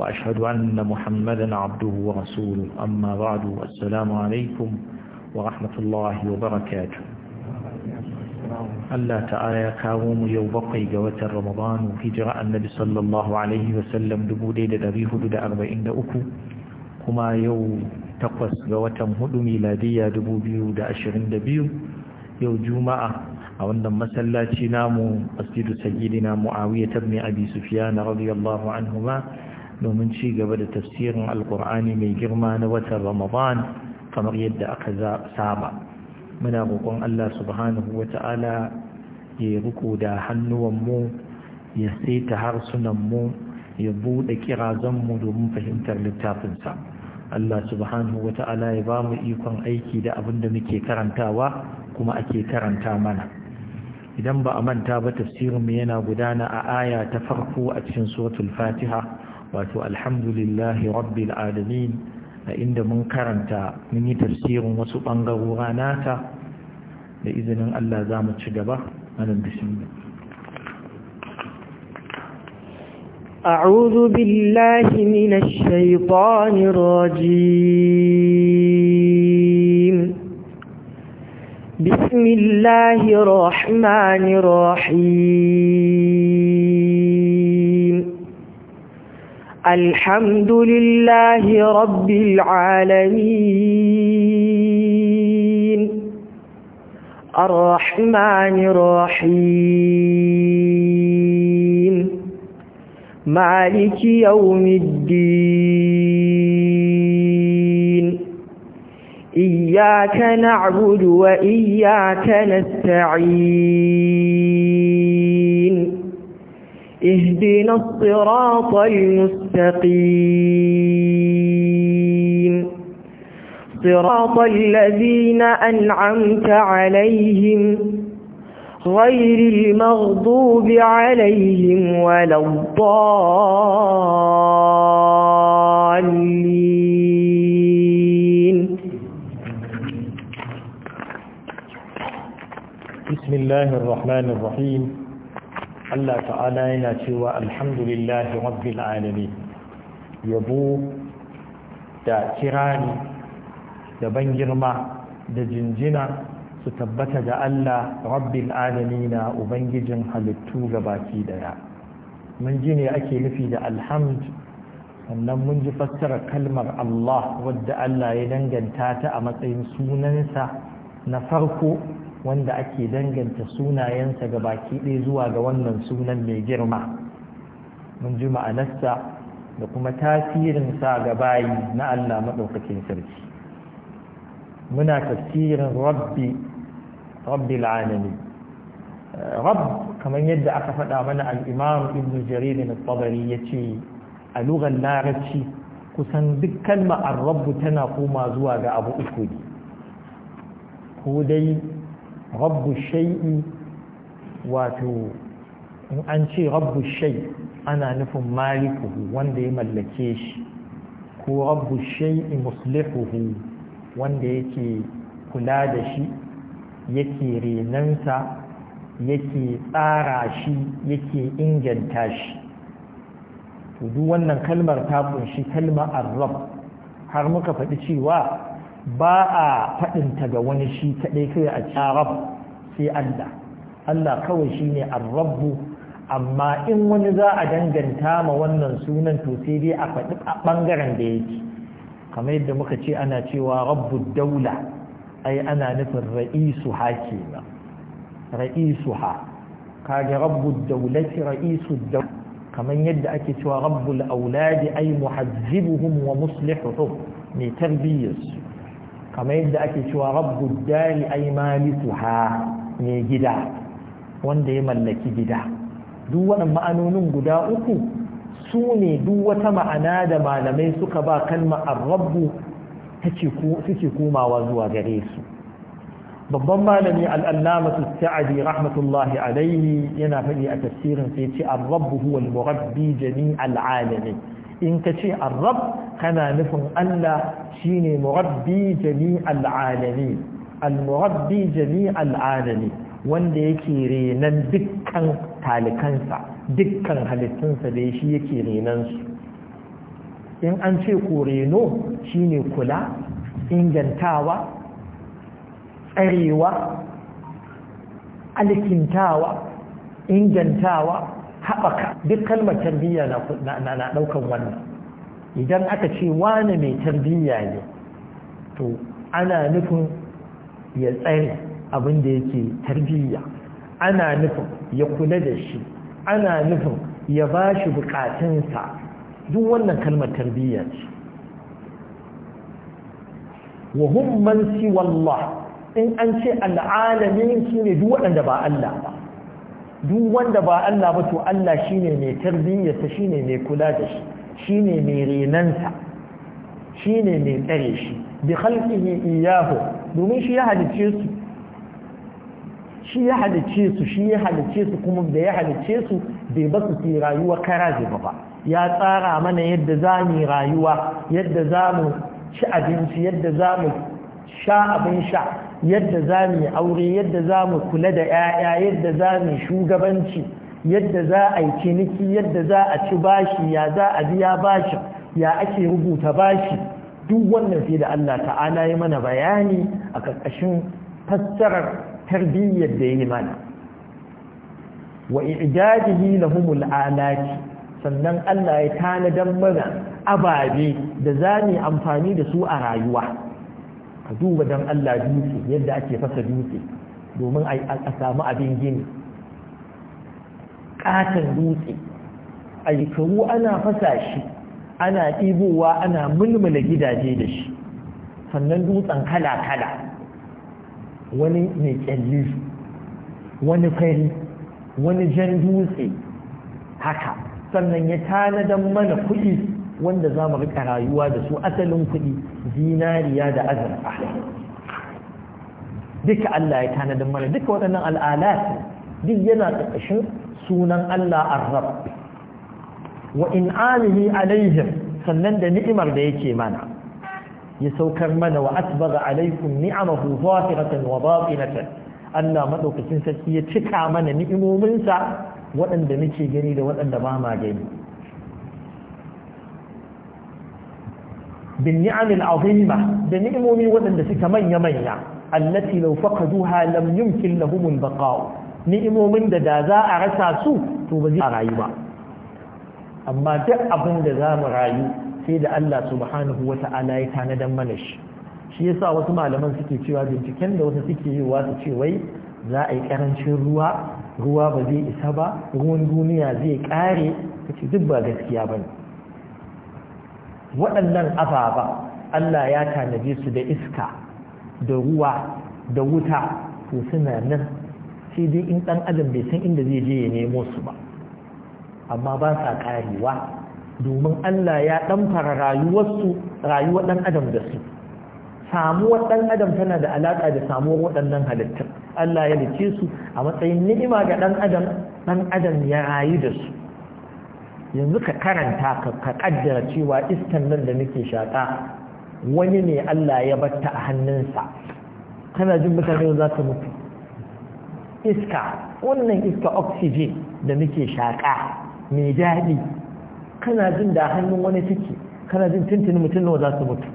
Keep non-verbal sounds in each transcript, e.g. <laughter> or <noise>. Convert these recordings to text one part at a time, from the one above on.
وأشهد أن محمدا عبده ورسوله أما بعد السلام عليكم ورحمة الله وبركاته Allah ta'ala ya kawo mu yau bakwai ga watan Ramadan hijira annabi sallallahu alaihi wasallam 1443 kuma yau takwas ga watan hudu miladiyya 2022 yau juma'a a wannan masallaci namu masjidu sayyidina Muawiya ibn Abi Sufyan radiyallahu anhuma domin ci gaba da tafsirin alkur'ani mai girma na watan ramadan kamar yadda aka saba muna roƙon Allah subhanahu wata'ala ya riko da hannuwanmu ya saita harsunanmu ya buɗe kirazanmu domin fahimtar littafinsa Allah subhanahu wata'ala ya ba mu ikon aiki da abin da muke karantawa kuma ake karanta mana idan ba a manta ba tafsirinmu yana gudana a aya ta farko a cikin suratul fatiha wato alhamdulillahi rabbil alamin a inda mun karanta mun yi tafsirin wasu ɓangarora nata da izinin Allah za mu ci gaba anan bismillah أعوذ بالله من الشيطان الرجيم بسم الله الرحمن الرحيم الحمد لله رب العالمين الرحمن الرحيم مالك يوم الدين إياك نعبد وإياك نستعين اهدنا الصراط المستقيم صراط الذين أنعمت عليهم غير المغضوب عليهم ولا الضالين بسم الله الرحمن الرحيم Allah ta'ala yana cewa alhamdulillahi rabbil alamin yabo da kirani da ban girma da jinjina su tabbata ga Allah rabbil alamin ubangijin halittu gabaki daya mun ji ne ake nufi da alhamd sannan mun ji fassara kalmar Allah wadda Allah ya danganta ta a matsayin sunansa na farko wanda ake danganta sunayensa ga baki ɗaya zuwa ga wannan sunan mai girma mun ji ma'anarsa da kuma tasirinsa ga bayi na Allah maɗaukakin sarki muna tafsirin rabbi rabbi al'alami rabb kamar yadda aka faɗa mana al'imam ibn jarir na tsabari ya ce a lugar larabci kusan duk kalma rabbu tana koma zuwa ga abu uku ne ko dai rabbu shay'i wato in an ce rabbu shai ana nufin malikuhu wanda ya mallake shi ko rabbu shay'i muslihuhu wanda yake kula da shi yake renansa yake tsara shi yake inganta shi to duk wannan kalmar ta kunshi kalmar arab har muka faɗi cewa ba a faɗinta ga wani shi kaɗai kai a carab sai Allah Allah kawai shi ne arrabu amma in wani za a danganta ma wannan sunan to sai dai a faɗi a ɓangaren da yake kamar yadda muka ce ana cewa rabbu daula ai ana nufin ra'isu ha ke nan, ra'isu ha kage rabbu daulati ra'isu daula kamar yadda ake cewa rabbul auladi ai muhazzibuhum wa muslihuhum mai tarbiyyarsu kamar yadda ake cewa rabbud dari ay malisuha ne gida wanda ya mallaki gida duk wannan ma'anonin guda uku su ne duk wata ma'ana da malamai suka ba kalmar rabbu suke komawa zuwa gare su babban malami al'allamatu sa'adi rahmatullahi alaihi yana faɗi a tafsirin sai ce an rabbu huwa al-murabbi jami'al alamin in ka ce arab kana nufin Allah shi shine murabbi jami al'adani, al-murabbi jami'al al'adani wanda yake renan dukkan talikansa dukkan halittunsa da shi yake renan su in an ce ko reno ne kula ingantawa tsarewa alkintawa ingantawa haɓaka duk kalmar tarbiyya na ɗaukan wannan idan aka ce wani mai tarbiyya ne to ana nufin ya tsare abin da yake tarbiyya ana nufin ya kula da shi ana nufin ya ba shi bukatunsa duk wannan kalmar tarbiyya ce wa hum man siwa in an ce al'alamin ne duk waɗanda ba Allah ba duk wanda ba Allah ba to Allah shine mai tarbiyyarsa shine mai kula da shi shine mai renansa shine mai tsare shi bi khalqihi iyahu domin shi ya halice su shi ya halice su shi ya halice su kuma da ya halice su bai ba su rayuwa kara zai ba ya tsara mana yadda za mu rayuwa yadda za mu ci abinci yadda za mu sha abin sha yadda za mu yi aure yadda za mu kula da 'ya'ya yadda za mu shugabanci yadda za a yi ciniki yadda za a ci bashi ya za a biya bashi ya ake rubuta bashi duk wannan sai da Allah ta'ala yi mana bayani a ƙarƙashin fassarar tarbiyyar da ya yi mana wa ijadihi lahumul alati sannan Allah ya tanadan mana ababe da za mu amfani da su a rayuwa ka duba don Allah dutse yadda ake fasa dutse domin a samu abin gini ƙatan dutse aikaru ana fasa shi ana ɗibowa ana mulmula gidaje da shi sannan dutsen kala-kala wani mai ƙyalli wani fari wani jan dutse haka sannan ya tanadan mana kuɗi wanda za mu rika rayuwa da su asalin kuɗi zinariya da azurfa duka Allah ya tanadin mana duka waɗannan al'alat duk yana ƙarƙashin sunan Allah arrab wa in alihi alaihim sannan da ni'imar da yake mana ya saukar mana wa asbaga alaikum ni'amahu zahiratan wa batinatan Allah madaukakin sarki ya cika mana ni'imominsa waɗanda nake gani da waɗanda ba ma gani bin ni'amil azima da ni'imomi waɗanda suka manya manya allati law faqaduha lam yumkin lahum al baqau ni'imomin da da za a rasa su to ba zai rayu ba amma duk abin da za mu rayu sai da Allah subhanahu wata'ala ya tanadan mana shi shi yasa wasu malaman suke cewa binciken da wasu suke yi wasu ce wai za a yi karancin ruwa ruwa ba zai isa ba ruwan duniya zai kare kace duk ba gaskiya bane waɗannan ababa Allah ya tanaji su da iska da ruwa da wuta su suna nan sai dai in ɗan adam bai san inda zai je ya nemo su ba amma ba sa ƙarewa domin Allah ya ɗanfara rayuwarsu rayuwar ɗan adam da su samuwar ɗan adam tana da alaƙa da samuwar waɗannan halittar. Allah ya lice su a matsayin ni'ima ga ɗan adam ɗan adam ya rayu da su yanzu ka karanta ka kaddara cewa iskan nan da nake shaƙa wani ne Allah ya batta a hannunsa kana jin mutane za su mutu iska wannan iska oxygen da muke shaƙa mai daɗi kana jin da hannun wani take kana jin tuntuni mutum nawa za su mutu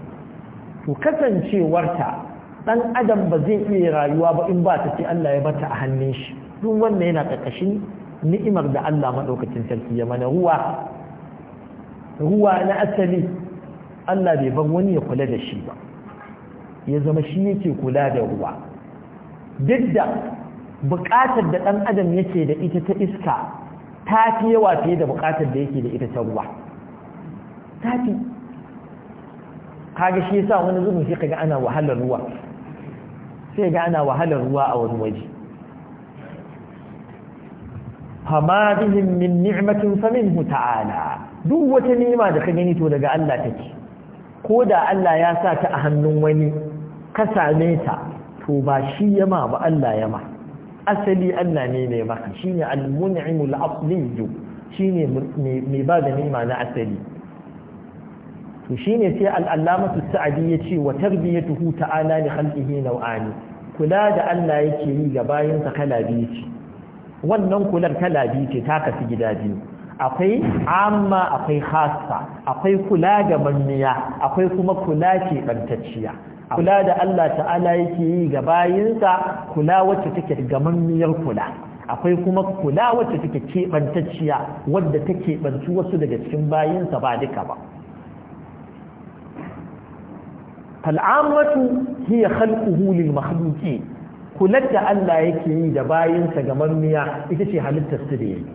to kasancewarta ɗan adam ba zai iya rayuwa ba in ba ta ce Allah ya batta a hannun shi duk wannan yana ƙarƙashin ni'imar da Allah maɗaukacin sarki ya mana ruwa ruwa na asali Allah bai bar wani ya kula da shi ba ya zama shi yake kula da ruwa duk da buƙatar da ɗan adam yake da ita ta iska ta fi yawa fiye da buƙatar da yake da ita ta ruwa ta fi kaga shi yasa wani zubin sai kaga ana wahalar ruwa sai ga ana wahalar ruwa a wani waje fama bihim min ni'matin faminhu ta'ala duk wata ni'ima da ka gani to daga Allah take ko da Allah ya sa ta a hannun wani ka same ta to ba shi yama ba Allah yama asali Allah ne mai maka ne al-mun'imul asli ne mai ba da ni'ima na asali to shi ne sai al-allamatu sa'adi ya ce wa tarbiyatuhu ta'ala li khalqihi naw'ani kula da Allah yake yi ga bayinsa kala biyu ce wannan kular kala biyu ce ta kasu gida biyu akwai amma akwai hasa akwai kula ga manniya akwai kuma kula ke ɓantacciya kula da Allah ta'ala yake yi ga bayinsa kula wacce take ga manniyar kula akwai kuma kula wacce take keɓantacciya wadda ta keɓanci wasu daga cikin bayinsa ba duka ba fal'amatu hiya khalquhu lil makhluqin kular da Allah yake yi da sa ga manmiya ita ce halittar su da yake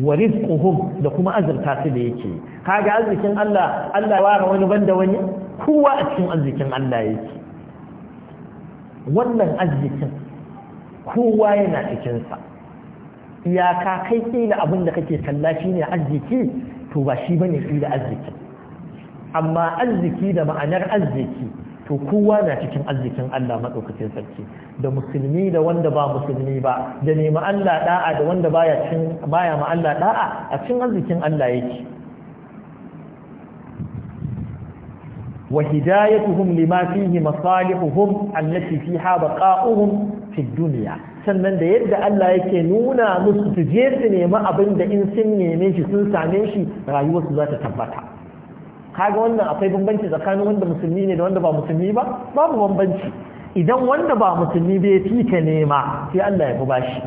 wa rizquhum da kuma azurta su da yake kaga arzikin Allah Allah ya ware wani banda wani kowa a cikin arzikin Allah yake wannan arzikin kowa yana cikin sa iyaka kai kila abin da kake kalla shine arziki to ba shi bane kila arziki amma arziki da ma'anar arziki to kowa na cikin arzikin Allah maɗaukacin sarki da musulmi da wanda ba musulmi ba da nema Allah da'a da wanda baya baya ma Allah da'a a cikin arzikin Allah yake wa hidayatuhum lima fihi masalihuhum allati fiha baqa'uhum fi dunya sannan da yadda Allah yake nuna musu su je su nemi abin da in sun neme shi sun same shi rayuwarsu za ta tabbata kaga wannan akwai bambanci tsakanin wanda musulmi ne da wanda ba musulmi ba babu bambanci idan wanda ba musulmi ba bai fita nema sai Allah ya fi bashi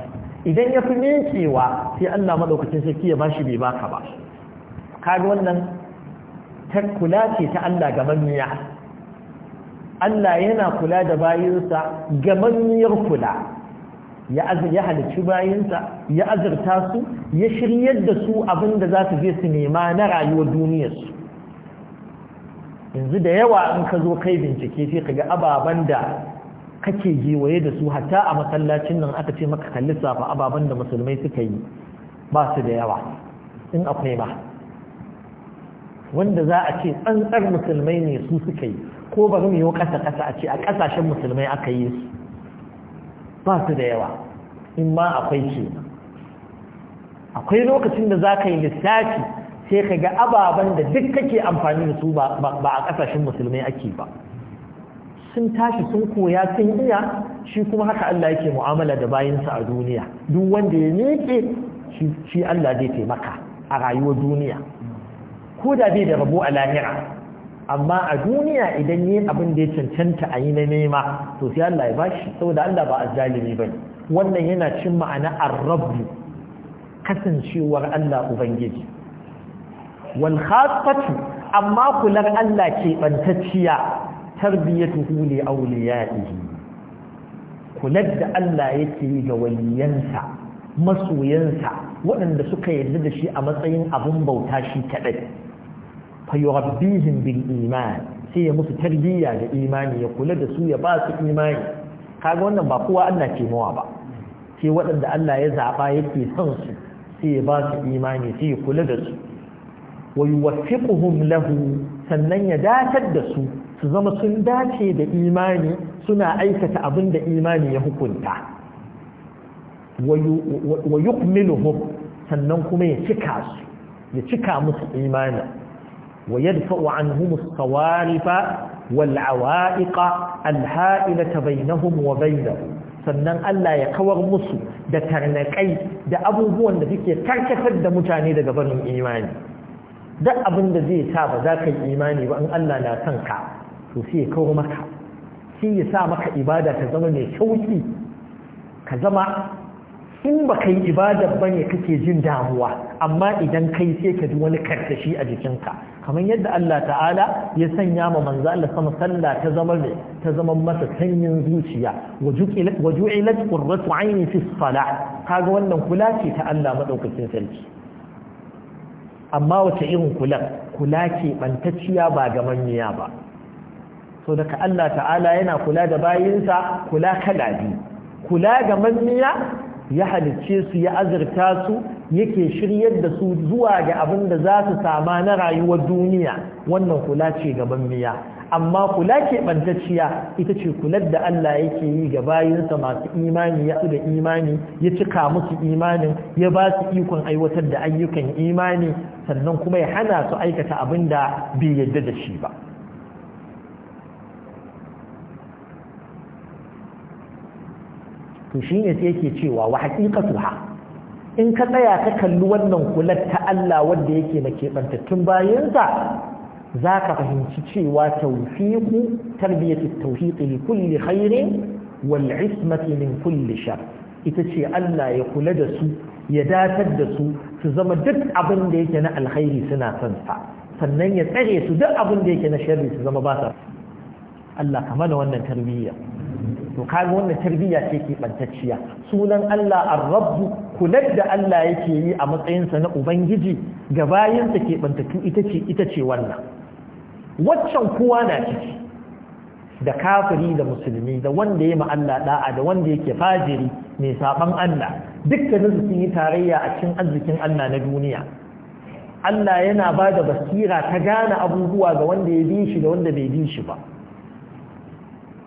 idan ya fi mekewa sai Allah madaukakin sarki ya bashi bai baka ba kaga wannan ta kula ce ta Allah ga manya Allah yana kula da bayinsa ga mamiyar kula ya halicci bayinsa ya azurta su ya shiryar da su abinda za su je su nema na rayuwar duniyarsu yanzu da yawa in ka zo kai bincike sai ka ga ababen da kake jiwaye da su hatta a masallacin nan aka ce maka kalli safa ababen da musulmai suka yi ba su da yawa in akwai ba wanda za a ce tsantsar musulmai ne su suka yi ko ba mu yi kasa-kasa a ce a kasashen musulmai aka yi su ba su da yawa in ma akwai ke akwai lokacin da za ka yi lissafi sai ka ga ababen da duk kake amfani da su ba a kasashen musulmai ake ba sun tashi sun koya sun iya shi kuma haka Allah yake mu'amala da bayansa a duniya duk wanda ya miƙe shi Allah zai taimaka a rayuwar duniya ko da bai da rabo a lahira amma a duniya idan yin abin da ya cancanta a yi na nema to sai Allah ya bashi saboda Allah ba a zalimi ba wannan yana cin ma'ana ar kasancewar Allah ubangiji wal khassatu amma kular Allah ke bantacciya tarbiyatu huli awliyaihi kular da Allah yake yi ga waliyansa masoyansa waɗanda suka yarda da shi a matsayin abun bauta shi kaɗai fa yurabbihim bil iman sai ya musu tarbiyya da imani ya kula da su ya ba su imani kaga wannan ba kowa Allah ke mawa ba sai waɗanda Allah ya zaɓa yake son su sai ya ba su imani sai ya kula da su wa yuwaffiquhum lahu sannan ya datar da su su zama sun dace da imani suna aikata abin da imani ya hukunta wa yukmiluhum sannan kuma ya cika su ya cika musu imani wa yadfa'u anhum as-sawarifa wal awa'iqa al-ha'ilata bainahum wa sannan Allah ya kawar musu da tarnakai da abubuwan da suke karkatar da mutane daga barin imani duk abin da zai sa ba za ka yi imani ba in Allah na son ka to sai ya kawo maka sai ya sa maka ibada ta zama mai sauki ka zama in ba ka yi ibada ba ne kake jin damuwa amma idan kai sai ka ji wani karkashi a jikinka kamar yadda Allah ta'ala ya sanya ma manzo Allah sama sallah ta zama mai ta zama masa sanyin zuciya waju'ilat qurratu aini fi salah kaga wannan kula ce ta Allah madaukakin sarki amma wata irin kula kula ke bantacciya ba ga manya ba so daga Allah ta'ala yana kula da bayinsa kula kala biyu kula ga manya ya halicce su ya azurta su yake shiryar da su zuwa ga abin da za su sama na rayuwar duniya wannan kula ce ga manya amma kula keɓantacciya ita ce kular da Allah yake yi ga bayinsa masu imani ya da imani ya cika musu imanin ya ba su ikon aiwatar da ayyukan imani sannan kuma ya hana su aikata abin da bai yadda da shi ba to shi ne sai yake cewa wa in ka tsaya ka kalli wannan kular ta Allah wanda yake na keɓantattun bayansa za ka fahimci cewa tawfiqu tarbiyatu tawfiq li kulli khairin wal ismati min kulli shar ita ce Allah ya kula da su ya datar da su su zama duk abin da yake na alkhairi suna son sa sannan ya tsare su duk abin da yake na sharri su zama ba sa Allah ka mana wannan tarbiyya to kaga wannan tarbiyya ce ke bantacciya sunan Allah ar-rabb kular da Allah yake yi a matsayinsa na ubangiji ga bayinsa ke bantattu ita ce ita ce wannan waccan kowa na ciki da kafiri da musulmi da wanda ya Allah da'a da wanda yake fajiri mai saban Allah dukkanin su sun yi tarayya a cikin arzikin Allah na duniya Allah yana ba da basira ta gane abubuwa ga wanda ya bi shi da wanda bai bi shi ba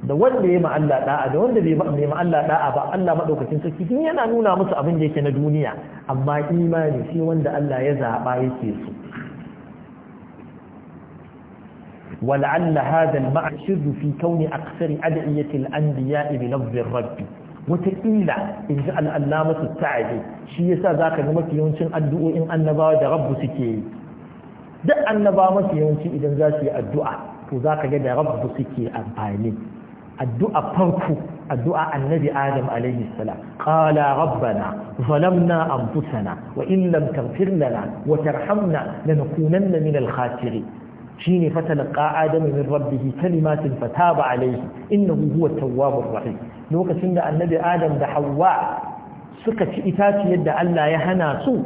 da wanda ya Allah da'a da wanda bai ma'alla da'a ba Allah madaukakin sarki yana nuna musu abin da yake na duniya amma imani sai wanda Allah ya zaba yake so ولعل هذا المعنى سر في كون أكثر أدعية الأنبياء بلفظ الرب وتقيل إن جاء الألامة التعدي شي يسا ذاك نمك ينشن الدعاء إن النبا دا رب سكي دا النبا مك ينشن إذا ذاتي الدعاء وذاك جدا رب سكي أمبالي الدعاء فرقه الدعاء النبي آدم عليه السلام قال ربنا ظلمنا أنفسنا وإن لم تغفر لنا وترحمنا لنكونن من الخاسرين shine fatalqa adamu min rabbih kalimatin fataba alayhi innahu huwa tawwabur rahim lokacin da annabi adam da hawwa suka ci itaciyar da Allah ya hana su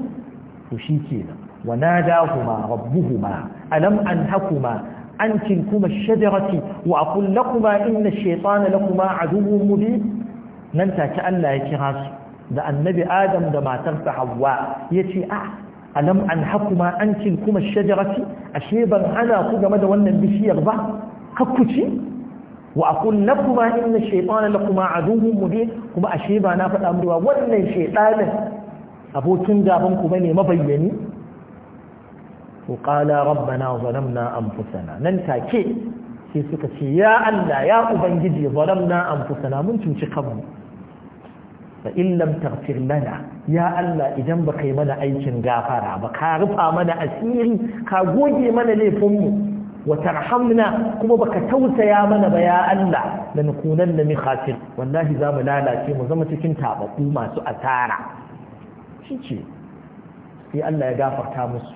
to shikenan wanadahuma rabbuhuma alam anhakuma عن تلكما الشجرة وأقول لكما lakuma الشيطان لكما عدو مبين Allah ya kira su. da annabi adam da matarsa Hauwa ya ce a ah, alam an hakuma an cin kuma shajarati ashe ban ana ku game da wannan bishiyar ba hakkuci wa aqul lakum inna shaytana lakum aduwwun mubin kuma ashe ba na faɗa muku wannan shaytanin abokin gaban ku bane mabayyani to qala rabbana zalamna anfusana nan take sai suka ce ya Allah ya ubangiji zalamna anfusana mun cuci kanmu fa in lam lana ya Allah idan baka yi mana aikin gafara ba ka rufa mana asiri ka goge mana laifinmu wata rahamna, kuma baka tausaya mana ba ya Allah lanakunanna min khasir wallahi za mu lalace mu zama cikin tabaku masu asara shi ce sai Allah ya gafarta musu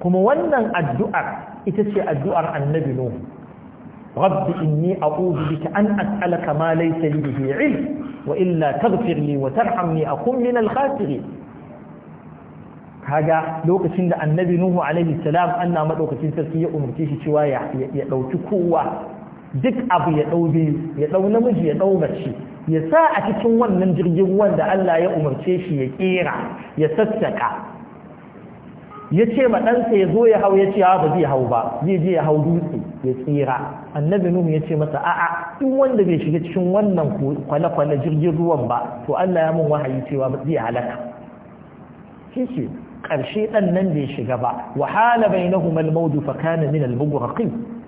kuma wannan addu'ar ita ce addu'ar annabi nuhu rabbi inni a bika an as'alaka ma laysa li bihi wa illa وترحمني أكون من الخاسرين kaga lokacin da annabi nuhu alaihi salam anna madaukakin sarki ya umurce shi cewa ya ya dauki kowa duk abu ya daube ya dau namiji ya dau mace ya sa a cikin wannan jirgin ruwan da Allah ya umarce shi ya kera ya sassaka ya ce ma ɗansa ya zo ya hau ya ce ah, ba zai hau ba zai je ya hau dutse ya tsira annabi nuhu ya ce masa a'a duk wanda bai shiga cikin wannan kwale-kwale jirgin ruwan ba to Allah ya mun wahayi cewa zai halaka Kike ƙarshe ɗan nan bai shiga ba wahala bai na humal maudu fa kana min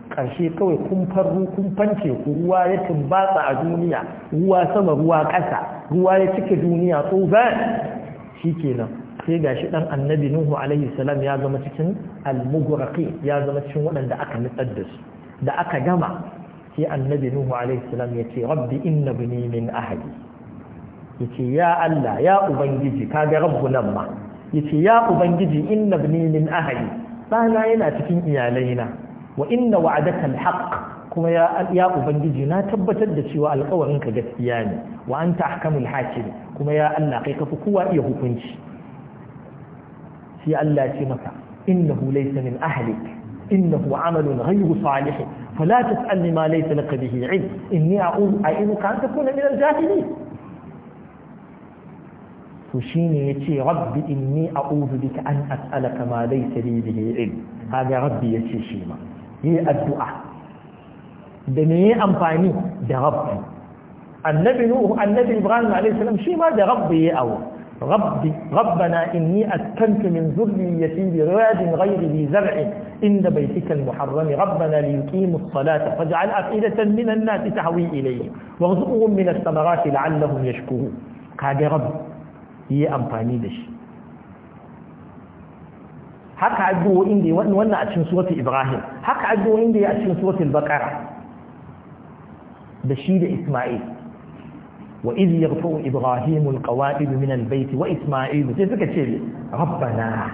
ƙarshe kawai kumfar kumfan teku ruwa ya tumbatsa a duniya ruwa sama ruwa ƙasa ruwa ya cike duniya tsofan. shikenan sai gashi shi ɗan annabi Nuhu alaihi salam ya zama cikin al ya zama cikin waɗanda aka nutsar da su da aka gama sai annabi nuhu alaihi ya ce rabbi inna bini min Ya yace ya Allah ya ubangiji kaga rabbu nan ma ce ya ubangiji inna bini min ahli dana yana cikin iyalaina wa inna wa'adaka alhaq kuma ya ubangiji na tabbatar da cewa ka gaskiya ne wa anta ahkamul hakim kuma ya Allah kai kafi kowa iya hukunci sai Allah ya ce maka innahu laysa min ahlik إنه عمل غير صالح فلا تسألني ما ليس لك به علم إني أقول أئنك أن تكون من الجاهلين وشيني يتي ربي إني أعوذ بك أن أسألك ما ليس لي به علم هذا ربي يتي شيما هي الدعاء دنيا أمفاني ده ربي النبي نوح النبي إبراهيم عليه السلام شيما ده ربي أو ربي ربنا إني أسكنت من ذريتي برواد غير ذي زرع إن بيتك المحرم ربنا ليقيموا الصلاة فاجعل أفئدة من الناس تهوي إليه وارزقهم من الثمرات لعلهم يشكوهم قال رب هي أمباني دش هكا عدو إندي وأن أتشن سورة إبراهيم هكا عدو إندي أتشن سورة البقرة بشير إسماعيل وإذ يغفر إبراهيم القوائد من البيت وإسماعيل تذكر ربنا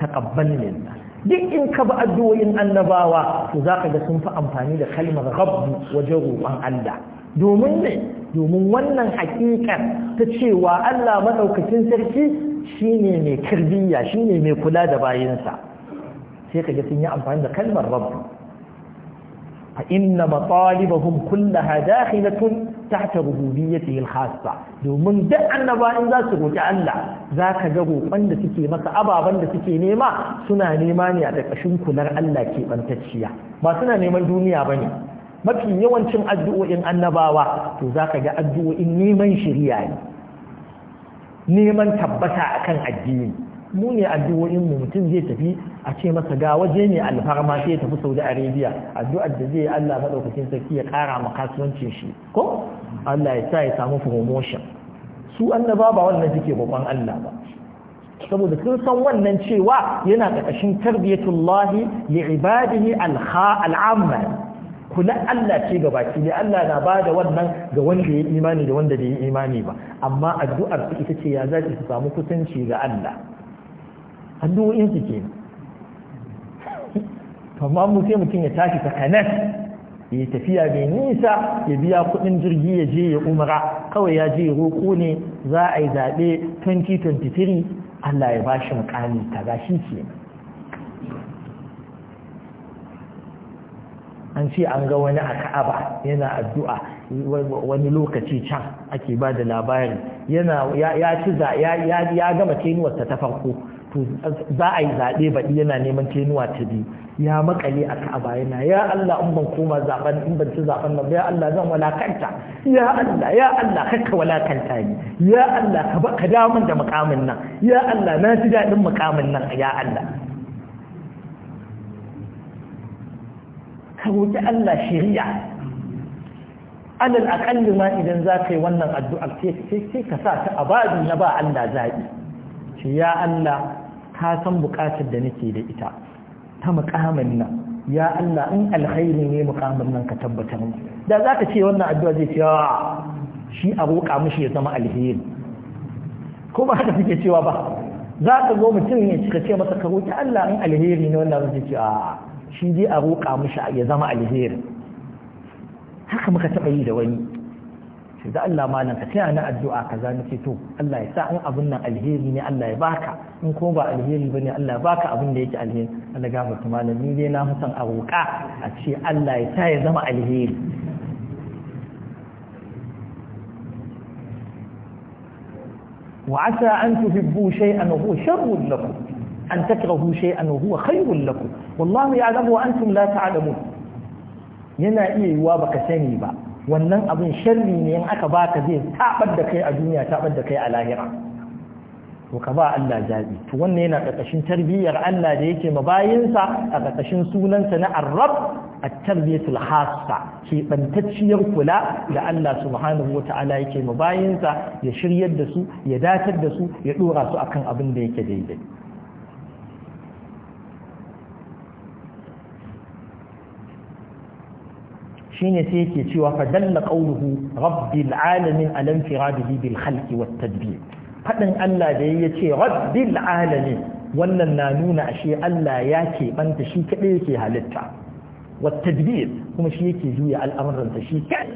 تقبل منا duk in ka ba addu'o'in annabawa to zaka ga sun fi amfani da kalmar rabbu wajen roƙon Allah domin ne domin wannan hakikar ta cewa Allah madaukakin sarki shine mai tarbiyya shine mai kula da bayinsa sai ga sun yi amfani da kalmar rabbu fa inna matalibahum kullaha dakhilatun tahta rububiyyatihi al-khassa domin duk annaba in za su roki Allah zaka ga roƙon da suke masa ababan da suke nema suna nema ne a ƙarƙashin kular Allah ke bantacciya ba suna neman duniya bane mafi yawancin addu'o'in annabawa to zaka ga addu'o'in neman shari'a ne neman tabbata akan addini mu ne addu'o'in mu mutum zai tafi a ce masa ga waje ne alfarma sai ya tafi saudi arabia addu'ar da zai allah maɗaukacin sarki ya ƙara ma kasuwancin shi ko allah ya sa ya samu promotion su annaba ba wannan suke babban allah ba saboda sun san wannan cewa yana ƙarƙashin tarbiyatullahi li ibadihi al-amma kula Allah ce ga baki ne Allah na bada wannan ga wanda ya imani da wanda bai yi imani ba amma addu'ar su ita ce ya zaki su samu kusanci ga Allah addu'o'in su kenan amma mu sai mutum ya tashi takanas ya tafiya mai nisa ya biya kudin jirgi ya je ya umara kawai ya je roƙo ne za a yi zaɓe 2023 Allah ya bashi mukami za shi ke an ce an ga wani a ka'aba yana addu'a wani lokaci can ake ba da labari yana ya ci za ya gama tenuwarsa ta farko to za a yi zaɓe baɗi yana neman tenuwa ta biyu ya makale a ka'aba yana ya Allah in ban koma zaben in ban ci zaben nan ya Allah zan walakanta ya Allah ya Allah kakka walakanta ni ya Allah ka ba ka damun da makamin nan ya Allah na ji dadin makamin nan ya Allah ka roki Allah shari'a alal aqalli ma idan za ka yi wannan addu'ar sai ka sa ta abadi na ba Allah zabi ya Allah ka san bukatar da nake da ita ta mukamin nan ya Allah in alkhairi ne mukamin nan ka tabbatar mu da za ka ce wannan addu'a zai ce shi a roƙa ya zama alheri ko ba haka kake cewa ba za ka zo mutum ya cika ce masa ka roki Allah in alheri ne wannan zai ce a shi dai a ya zama alheri haka muka taɓa yi da wani sai da Allah malam ka taya na addu'a kaza nace to Allah ya sa in abun nan alheri ne Allah ya baka in ko ba alheri ba ne Allah baka abin da yake alheri Allah gafarta malam ni dai na fi son a ce Allah ya ta ya zama alheri Wa asa وعسى أن تحبوا شيئا وهو شر لكم أن تكرهوا شيئا وهو خير لكم والله يعلم وأنتم لا تعلمون yana iya yiwuwa baka sani ba wannan abin sharri ne in aka baka zai tabar da kai a duniya tabar da kai a lahira to ka ba Allah jabi to wannan yana ƙarƙashin tarbiyyar Allah da yake ma bayinsa a ƙarƙashin sunansa na Arab at-tarbiyatul khassa ke bantacciyar kula da Allah subhanahu wata'ala yake ma bayinsa ya shiryar da su ya datar da su ya dora su akan abin da yake daidai shine sai yake cewa fa dalla qawluhu rabbil alamin alam firadihi bil khalqi wat tadbir faɗin Allah da ya ce rabbil alamin wannan na nuna ashe Allah ya banta shi kaɗai yake halitta wa tadbir kuma shi yake juya al'amuransa shi kai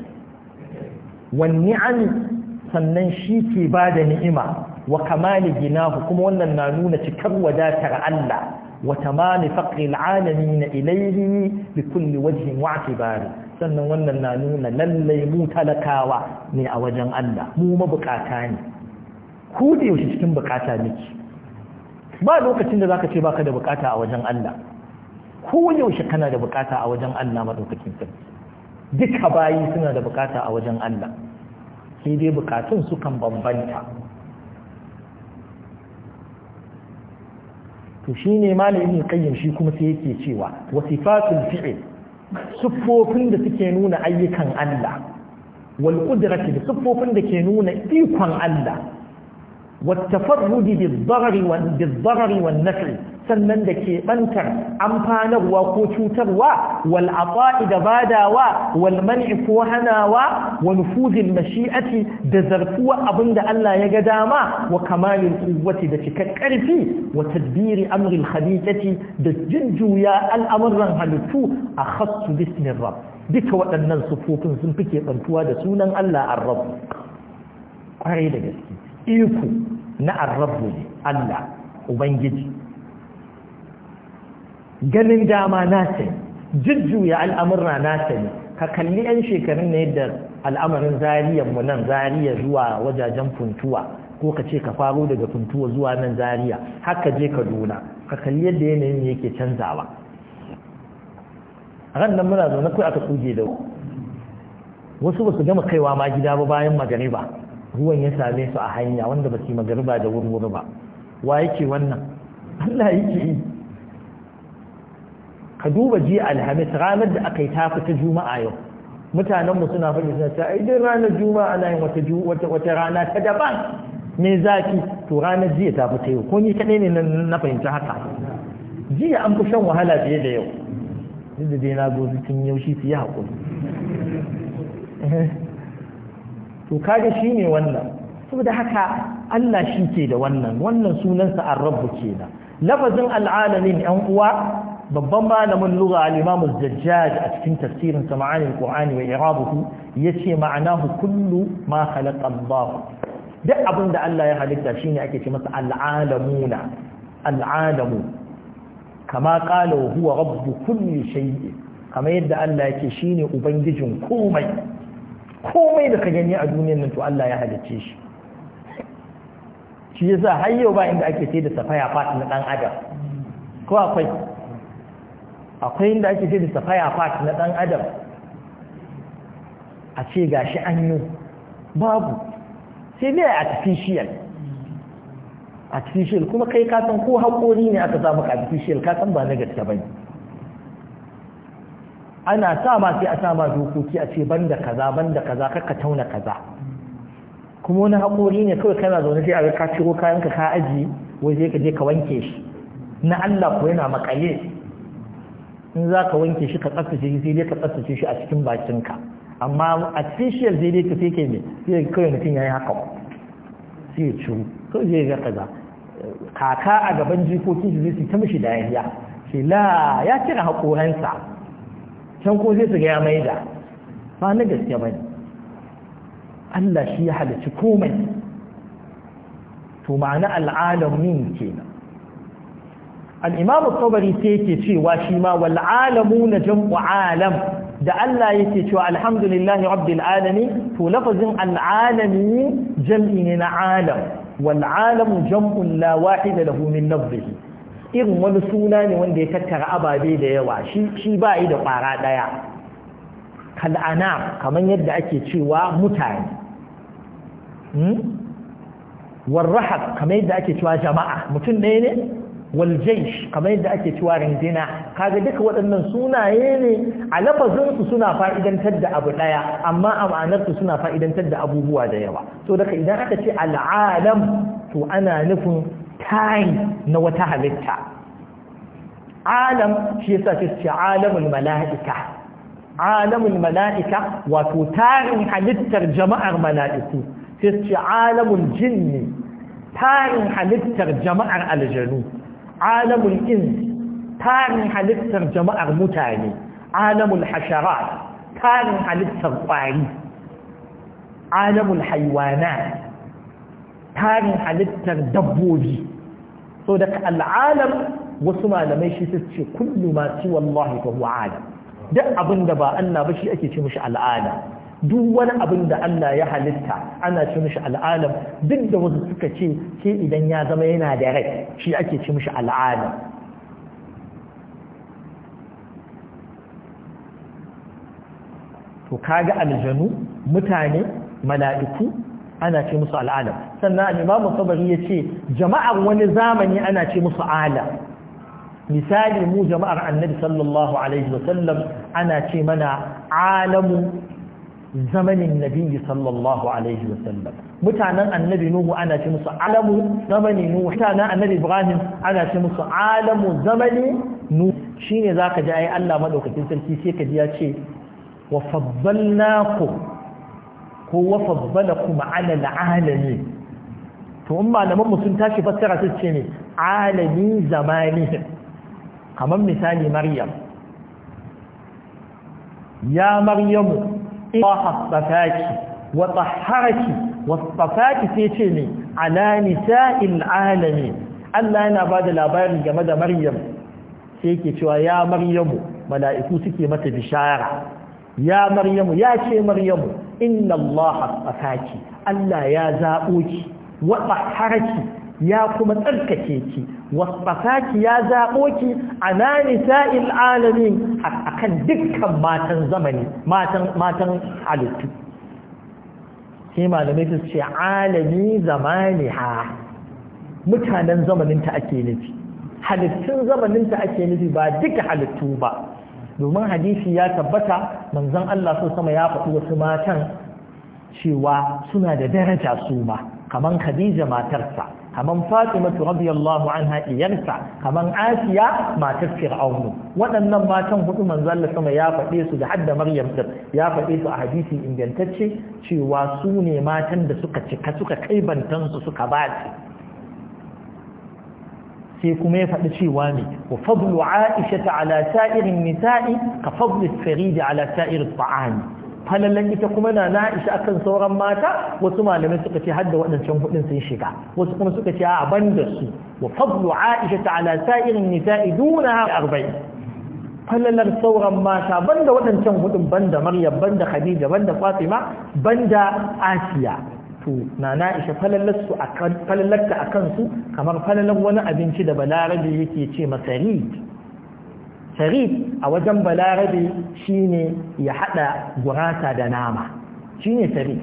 wa sannan shi ke ba da ni'ima wa kamali ginahu kuma wannan na nuna cikar wadatar Allah wa tamami faqri na ilayhi bi kulli wajhin wa atibari sannan wannan na nuna lallai mu talakawa ne a wajen Allah mu mabukata ne ko da yaushe cikin bukata nake ba lokacin da zaka ce baka da bukata a wajen Allah ko yaushe kana da bukata a wajen Allah madaukakin sarki duka bayi suna da bukata a wajen Allah sai dai bukatun sukan bambanta to shine malamin qayyim shi kuma sai yake cewa wasifatul fi'l siffofin da suke nuna ayyukan Allah wal qudrati da siffofin da ke nuna ikon Allah والتفرد بالضرر بالضرر والنفع sannan da ke bantar amfanarwa ko cutarwa wal ata'i da badawa wal man'i ko hanawa wa nufuzil mashi'ati da zarfuwa abinda Allah ya ga dama wa kamalin quwwati da cikar karfi wa tadbiri amri al da jinjuya al'amuran halittu a bismi rabb duka waɗannan sufofin sun fi ke bantuwa da sunan Allah an rabu. kwarai da gaske na arrabu ne Allah ubangiji ganin dama na sani jujjuya al'amurra na sani ka kalli 'yan shekarun na yadda al'amarin mu nan zariya zuwa wajajen funtuwa ko ka ce ka faro daga funtuwa zuwa nan zariya haka je kaduna ka kalli yadda yanayin yake canzawa a ran nan muna zaune kai aka kuje da wasu ba su gama kaiwa ma gida ba bayan magani ba ruwan ya same su a hanya wanda ba su magariba da wurwuri ba wa yake wannan Allah yake yi ka duba ji alhamis ranar da aka yi tafi ta juma'a yau mutanen mu suna faɗi suna ta idan ranar juma'a ana yin wata wata rana ta daban me zaki to ranar jiya ta fita yau ko ni kaɗai ne na fahimci haka jiya an fi shan wahala fiye da yau duk da dai na gozi tun yaushe su yi haƙuri <laughs> to kaga shi ne wannan saboda haka Allah shi ke da wannan wannan sunansa ar-rabb kenan lafazin al'alamin yan uwa babban malamin lugha al-imam zajjaj a cikin tafsirin sa ma'ani al-qur'ani wa i'rabuhu yace ma'anahu kullu ma khalaqa Allah duk abin da Allah ya halitta shine ake ce masa al-alamuna al-alamu kama qala huwa rabb kulli kama yadda Allah yake shine ubangijin komai komai da ka gani a duniyar nan to Allah ya halicce shi shi yasa har yau ba inda ake sai da safaya fat na dan adam ko akwai akwai inda ake sai da safaya fat na dan adam a ce gashi an yi babu sai a artificial artificial kuma kai ka san ko haƙori ne aka samu artificial ka san ba na gaske bane ana sa ma sai a sa ma dokoki a ce banda kaza banda kaza kakka tauna kaza kuma wani haƙori ne kawai kana zaune sai a ga ka ciro kayanka ka aji waje ka je ka wanke shi na Allah ko yana makale in za ka wanke shi ka tsaftace shi sai dai ka tsaftace shi a cikin bakin ka. amma artificial zai dai ka fike ne sai kawai mutum ya yi haka sai ya ciro kawai zai ga kaza kaka a gaban jikokin shi zai ta mishi dariya ce la ya cire haƙuransa. can ko sai su ga ya maida ba na gaske ba ne. Allah shi ya halarci komai to ma'ana al'alamin kenan al-imam at-tabari sai yake cewa shi ma wal na jam'u alam da Allah yake cewa alhamdulillahi rabbil alamin to lafazin al-alamin jam'i ne na alam wal alamu jam'un la wahida lahu min nafsihi irin wani suna ne wanda ya tattara ababe da yawa shi ba yi da ƙwara ɗaya kal'ana kamar yadda ake cewa mutane hmm? warrahab kamar yadda ake cewa jama'a mutum ɗaya ne waljaish kamar yadda ake cewa rindina kaga duka waɗannan sunaye ne a lafazinsu suna fa'idantar da abu ɗaya amma a ma'anarsu suna fa'idantar da abubuwa da yawa To daga idan aka ce al'alam to ana nufin time na wata halitta alam shi yasa ce alamul mala'ika alamul mala'ika wato tarin halittar jama'ar mala'iku shi ce alamul jinni tarin halittar jama'ar aljanu alamul ins tarin halittar jama'ar mutane alamul hasharat tarin halittar kwari alamul haiwana tarin halittar dabbobi so daga al'alam wasu malamai shi su ce kullu ma ci wallahi fa huwa alam duk abin da ba Allah ba shi ake ci mishi al'alam duk wani abin da Allah ya halitta ana ci mishi al'alam duk da wasu suka ce ke idan ya zama yana da rai shi ake ci mishi al'alam to kaga aljanu mutane mala'iku ana ce musu al'alam sannan al'imamu sabari ya ce jama'ar wani zamani ana ce musu ala misali mu jama'ar annabi sallallahu alaihi wasallam ana ce mana alamu zamanin nabi sallallahu alaihi wasallam mutanen annabi nuhu ana ce musu alamu zamanin nuhu mutanen annabi ibrahim ana ce musu alamu zamanin nuhu shine zaka ji ai Allah madaukakin sarki sai ka ji ya ce wa faddalnakum ko wafa bala kuma alal alami to in malaman mu sun tashi fassara su ce ne alami zamani kamar misali maryam ya maryamu ina hasafaki Wata haraki wa tsafaki sai ce ne ala nisa'il alami Allah yana ba da labarin game da maryam sai ke cewa ya maryamu mala'iku suke mata bishara ya maryamu ya ce maryamu inna Allah asfaki Allah ya zabo ki wa taharaki ya kuma tsarkake ki wasfaki ya zabo ki ana nisa'il alamin akan dukkan matan zamani matan matan halittu sai malamai su ce alami ha, mutanen zamaninta ake nufi halittun zamaninta ake nufi ba duka halittu ba domin hadisi ya tabbata manzon Allah so sama ya faɗi wasu matan cewa suna da daraja su ma kaman Khadija matarsa kaman Fatima radiyallahu anha iyarsa kaman Asiya matar Fir'aunu waɗannan matan hudu manzon Allah sama ya faɗe su da hadda Maryam din ya faɗe su a hadisi ingantacce cewa su ne matan da suka cika suka kai bantansu suka bace. sai kuma ya faɗi cewa ne wa fadlu aisha ala sa'irin nisa'i ka fadlu faridi ala sa'irin falalan ita kuma na na'isha akan sauran mata wasu malamai suka ce hadda waɗancan kuɗin sun shiga wasu kuma suka ce a ban da su wa fadlu aisha ala sa'irin nisa'i duna arba'in falalar sauran mata banda waɗancan hudun banda maryam banda khadija banda fatima banda asiya to na na falallarta a kansu kamar falalar wani abinci da balarabe yake ce masarid sarid a wajen balarabe shine ya hada gurasa da nama shine sarid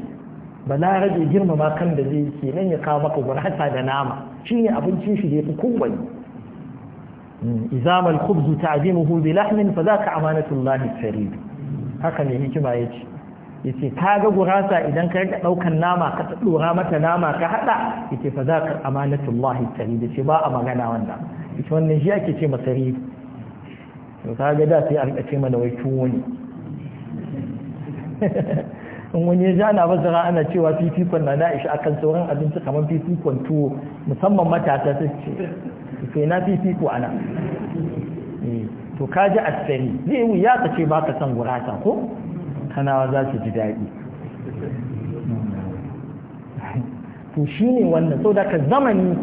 balarabe girmama kan da zai ke nan ya kawo maka gurasa da nama shine abincin shi da ya fi kowane hmm, izamal khubzu ta'dimuhu bi lahmin fa zaka amanatullahi sarid haka ne hikima ce yace ka ga gurasa idan ka rika daukan nama ka dora mata nama ka hada yace fa za ka zaka amanatullahi tari da ce ba a magana wannan yace wannan shi ake ce masari to ka ga da sai a rika ce mana wai tuwo ne <laughs> in wani ya jana bazara ana cewa fifikon na na'isha akan sauran abinci kamar fifikon tuwo musamman matasa ta ce sai na fifiko ana eh, to kaji asali zai wuya ka ce ba ka san gurasa ko katsinawa za su ji daɗi to shi ne wannan so daga zamani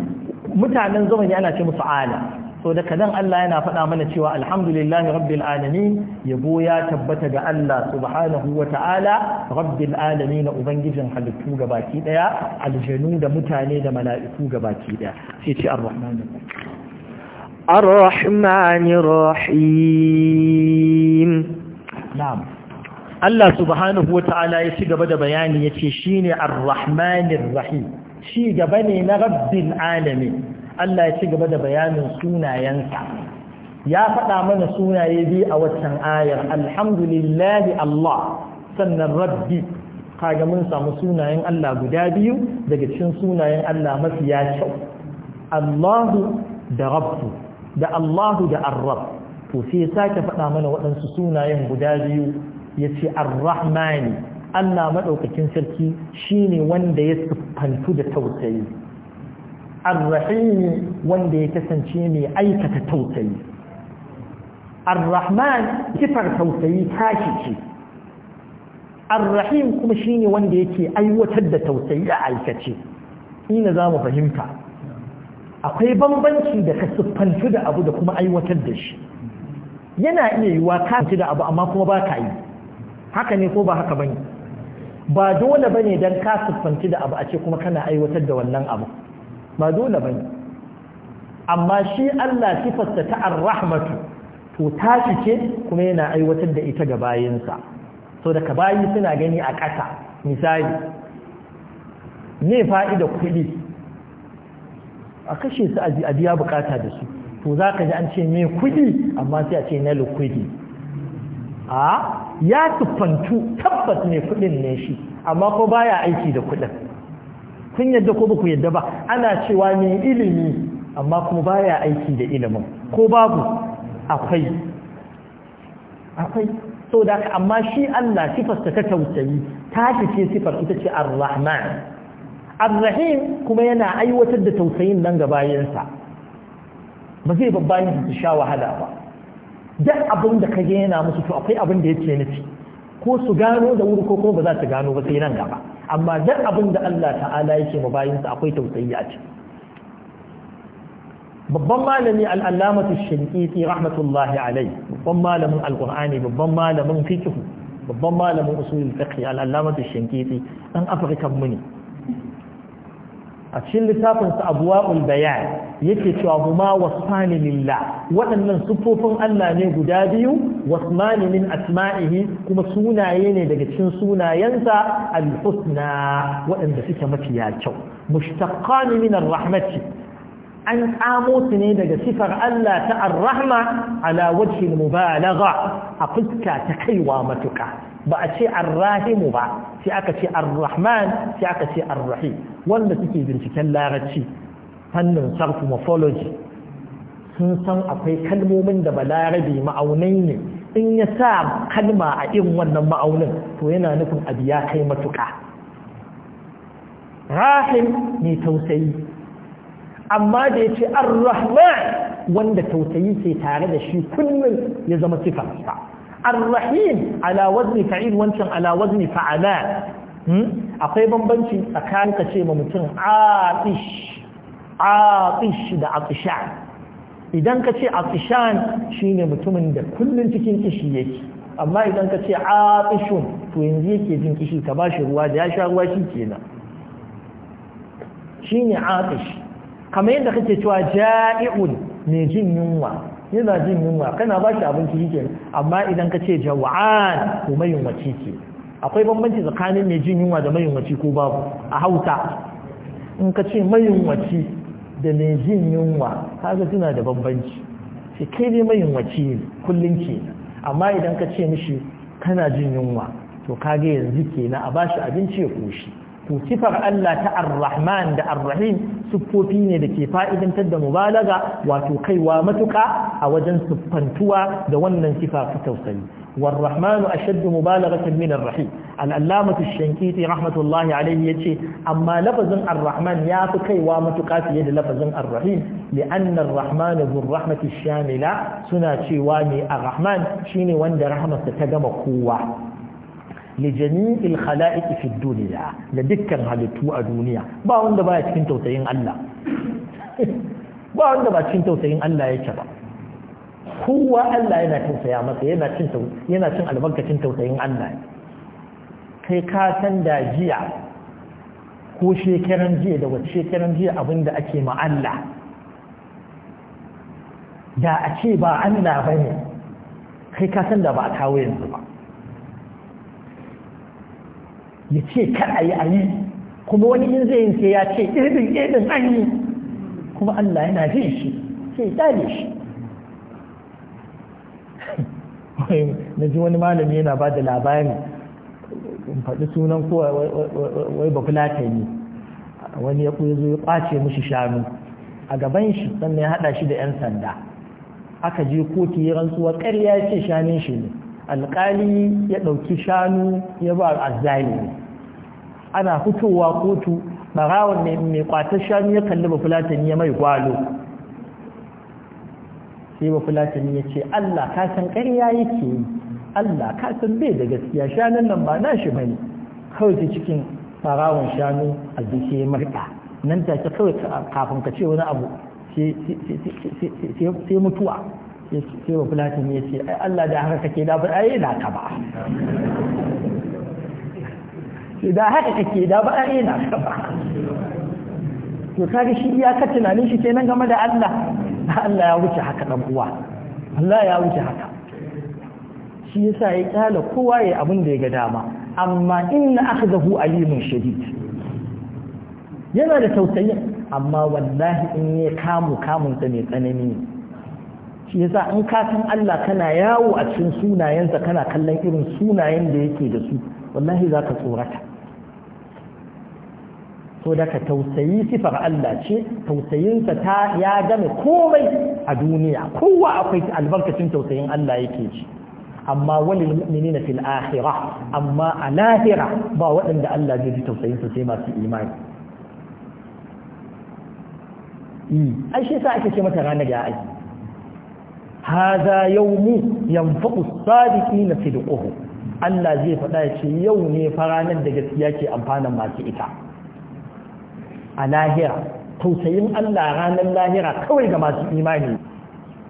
mutanen zamani ana ce musu ala so daga nan Allah yana faɗa mana cewa alhamdulillahi rabbil alamin yabo ya tabbata ga Allah subhanahu wa ta'ala rabbil alamin ubangijin halittu gabaki daya aljanu da mutane da mala'iku gabaki daya sai ce arrahmanir الرحمن الرحيم نعم Allah subhanahu wa ta'ala ya ci gaba da bayani ya ce shi ne arrahmanin rahim shi gaba ne na rabbin alamin Allah ya ci gaba da bayanin sunayensa ya faɗa mana sunaye biyu a waccan ayar alhamdulillahi Allah sannan rabbi kaga mun samu sunayen Allah guda biyu daga cikin sunayen Allah mafiya kyau Allahu da rabbu da Allahu da arrab to sai sake faɗa mana waɗansu sunayen guda biyu ya ce ar-rahmani Allah maɗaukakin sarki shi ne wanda ya siffantu da tausayi ar-rahimi wanda ya kasance mai aikata tausayi ar kifar tausayi tashi ce ar kuma kuma ne wanda yake aiwatar da tausayi a aikace ina za mu fahimta akwai bambanci da ka siffantu da abu da kuma aiwatar da shi yana iya yiwuwa ka da abu amma kuma ba ka yi haka ne ko ba haka bane ba dole bane dan ka siffanci da abu a ce kuma kana aiwatar da wannan abu ba dole bane amma shi Allah sifasta ta rahmatu to ta ce kuma yana aiwatar da ita ga bayinsa so daga bayi suna gani a ƙasa misali ne fa'ida kuɗi a kashe su a biya bukata da su to za ka ji an ce me kuɗi amma sai a ce na likwidi a ya tuffantu tabbas ne kudin ne shi amma ko baya aiki da kudin kun yadda ko ba ku yadda ba ana cewa ne ilimi amma kuma baya aiki da ilimin ko babu akwai akwai so da amma shi Allah sifar ta tausayi ta fice sifar ita ce ar-rahman ar-rahim kuma yana aiwatar da tausayin nan ga bayansa ba zai babban shi sha wahala ba duk abin da ka yana musu to akwai abin da ya ce nufi ko su gano da wuri ko kuma ba za su gano ba sai nan gaba amma duk abin da Allah ta'ala yake ma bayinsa akwai tausayi a ciki babban malami al'allamatu shinqiti rahmatullahi alai babban malamin alqur'ani babban malamin fiqh babban malamin usulul fiqh al'allamatu shinqiti dan ɗan mu ne a cikin littafin sa bayan yake cewa huma wasfani lillah waɗannan sufofin Allah ne guda biyu wasmani min asma'ihi kuma sunaye ne daga cikin sunayensa al-husna waɗanda suke mafiya kyau mushtaqan min ar-rahmati an tsamo su ne daga sifar Allah ta ar-rahma ala wajhi al-mubalagha a fuska ta kaiwa matuƙa ba a ce arrahimu ba sai aka ce arrahman sai aka ce arrahim wanda suke binciken larabci fannin sarf morphology sun san akwai kalmomin da balarabe ma'aunai ne in ya sa kalma a irin wannan ma'aunin to yana nufin abu ya kai matuƙa rahim ne tausayi amma da ya ce arrahman wanda tausayi sai tare da shi kullum ya zama sifarsa الرحيم على وزن فعيل وانشن على وزن فعلاء akwai bambanci tsakanin ka ce ma mutum atish atish da atishan idan ka ce atishan shine mutumin da kullun cikin kishi yake amma idan ka ce atishun to yanzu yake jin kishi ka ba shi ruwa da ya sha ruwa shi kenan shine atish kamar yadda kake cewa ja'i'un mai jin yunwa yana jin yunwa kana ba shi abinci yake amma idan ka ce jawa'an ko mai yunwaci ce akwai bambanci tsakanin mai jin yunwa da mai yunwaci ko babu a hauta in ka ce mai yunwaci da mai jin yunwa ga suna da bambanci shi kai ne mai yunwaci ne kullum ke amma idan ka ce mishi kana jin yunwa to kaga yanzu kenan a bashi abinci ya koshi to sifar Allah ta ar-rahman da ar-rahim siffofi ne da ke fa'idantar da mubalaga wato kaiwa matuƙa a wajen siffantuwa da wannan sifa ta tausayi والرحمن أشد مبالغة من الرحيم الألامة الشنكيتي رحمة الله عليه يتشي أما لفظ الرحمن يافكي وامتقات يد لفظ الرحيم لأن الرحمن ذو الرحمة الشاملة سنة شواني الرحمن شيني وند رحمة تجمع قوة li jami'il khala'iq fi dunya da dukkan halittu a duniya ba wanda ba cikin tausayin Allah <laughs> ba wanda ba cikin tausayin Allah yake ba kowa Allah yana tausaya masa yana cikin yana cin albarkacin tausayin Allah kai ka san da jiya ko shekaran jiya da wace shekaran jiya abinda ake ma Allah da a ce ba Allah bane kai ka san da ba a kawo yanzu ba ya ce kar a yi a yi kuma wani in zai yin sai ya ce irin irin an yi kuma Allah yana jin shi sai ya shi <laughs> na ji wani malami yana ba da labari in faɗi sunan ko wai ba kula ta yi wani ya kuyi zo ya kwace mushi shanu a gaban shi sannan ya haɗa shi da 'yan sanda aka je kotu ya rantsuwa ƙarya ya ce shanin shi ne alƙali ya ɗauki shanu ya ba azzali ana fitowa kotu ɓarawon mai ƙwatar shanu ya kalli ba fulatani ya mai gwalo sai ba fulatani ya ce Allah ka ƙarya yake yi Allah ka bai da gaskiya shanun nan ba nashi bane kawai cikin farawon shanu a zuke marka nan take kawai kafin ka ce wani abu sai mutuwa sai ce fulatin ya ce ai Allah da haka kake da ba ai na ka ba da haka kake da ba ai na ka ba to kaga shi ya ka tunanin shi kenan game da Allah Allah ya wuce haka dan uwa Allah ya wuce haka shi yasa ya kala kowa ya abin da ya ga dama amma inna akhdahu alimun shadid yana da tausayi amma wallahi in ya kamu kamun sa mai tsanani shi yasa in ka san Allah kana yawo a cikin sunayensa kana kallon irin sunayen da yake da su wallahi za ka tsorata so da ka tausayi sifar Allah ce tausayinsa ta ya game komai a duniya kowa akwai albarkacin tausayin Allah yake ci amma wani mu'minina fil akhirah amma a lahira ba waɗanda Allah zai ji tausayinsa sai masu imani hmm. ai shi sa ake ce mata ranar ya aiki haza yawmu yanfa'u sadiqina sidquhu Allah zai faɗa ce yau ne faranar da gaskiya ke amfanin masu ita a lahira tausayin Allah ranar lahira kawai ga masu imani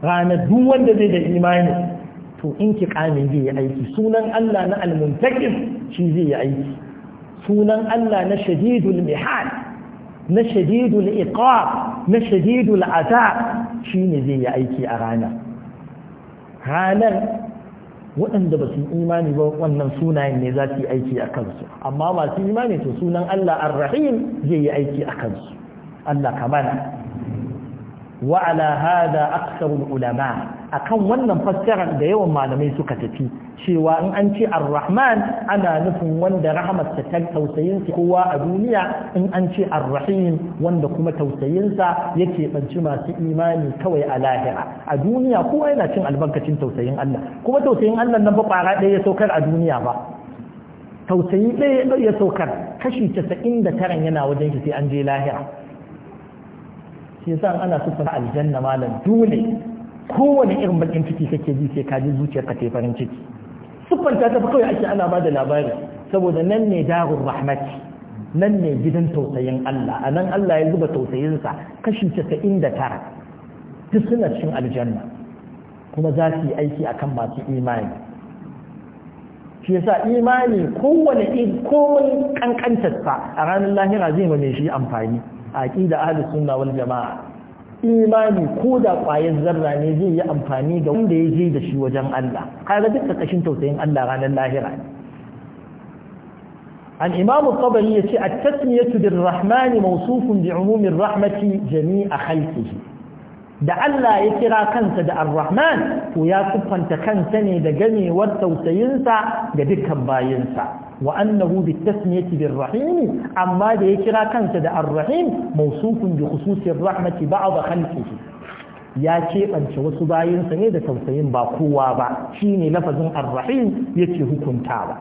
ranar duk wanda zai da imani to in ki kamin zai yi aiki sunan Allah na almuntakin shi zai yi aiki sunan Allah na shadidul mihal na shadidul iqab na shadidul azab shine zai yi aiki a rana ranar waɗanda ba su imani ba wannan sunayen ne za su yi aiki a kansu amma masu imani to sunan Allah ar-rahim zai yi aiki a kansu Allah kamana wa ala hada aksarul ulama akan wannan fassarar da yawan malamai suka tafi cewa in an ce ar-rahman ana nufin wanda rahamarsa ta tausayinsa kowa a duniya in an ce ar-rahim wanda kuma tausayinsa yake banci masu imani kawai a lahira a duniya kowa yana cin albarkacin tausayin Allah kuma tausayin Allah nan ba fara ɗaya ya saukar a duniya ba tausayi ɗaya ya saukar kashi casa'in da 99 yana wajen shi sai an je lahira shi yasa ana sufa aljanna malam dole kowane irin bakin ciki kake ji sai ka ji zuciyarka ta farin ciki siffanta ta kawai ake ana ba da labari saboda nan ne darun rahmati nan ne gidan tausayin Allah a nan Allah ya zuba tausayinsa kashi casa'in da tara duk suna cikin aljanna kuma za su yi aiki akan masu imani shi yasa imani kowane komai kankantarsa a ranar lahira zai mai shi amfani a aƙida ahlus sunna wal jama'a imani ko da ƙwayar zarra ne zai yi amfani ga wanda ya je da shi wajen Allah kaga duk ƙarƙashin tausayin Allah ranar lahira an imamu tabari ya ce a tasmiyatu bir-rahman mawsufun bi umumin rahmati jami'a khalqihi da Allah ya kira kansa da ar-rahman to ya siffanta kansa ne da ganewar tausayinsa ga dukkan bayinsa wa annahu bi tasmiyati bir rahim amma da ya kira kansa da ar-rahim mawsufun bi khususi rahmati ba'd khalqihi ya keɓance wasu sa ne da tausayin ba kowa ba shine lafazin ar-rahim yake hukuntawa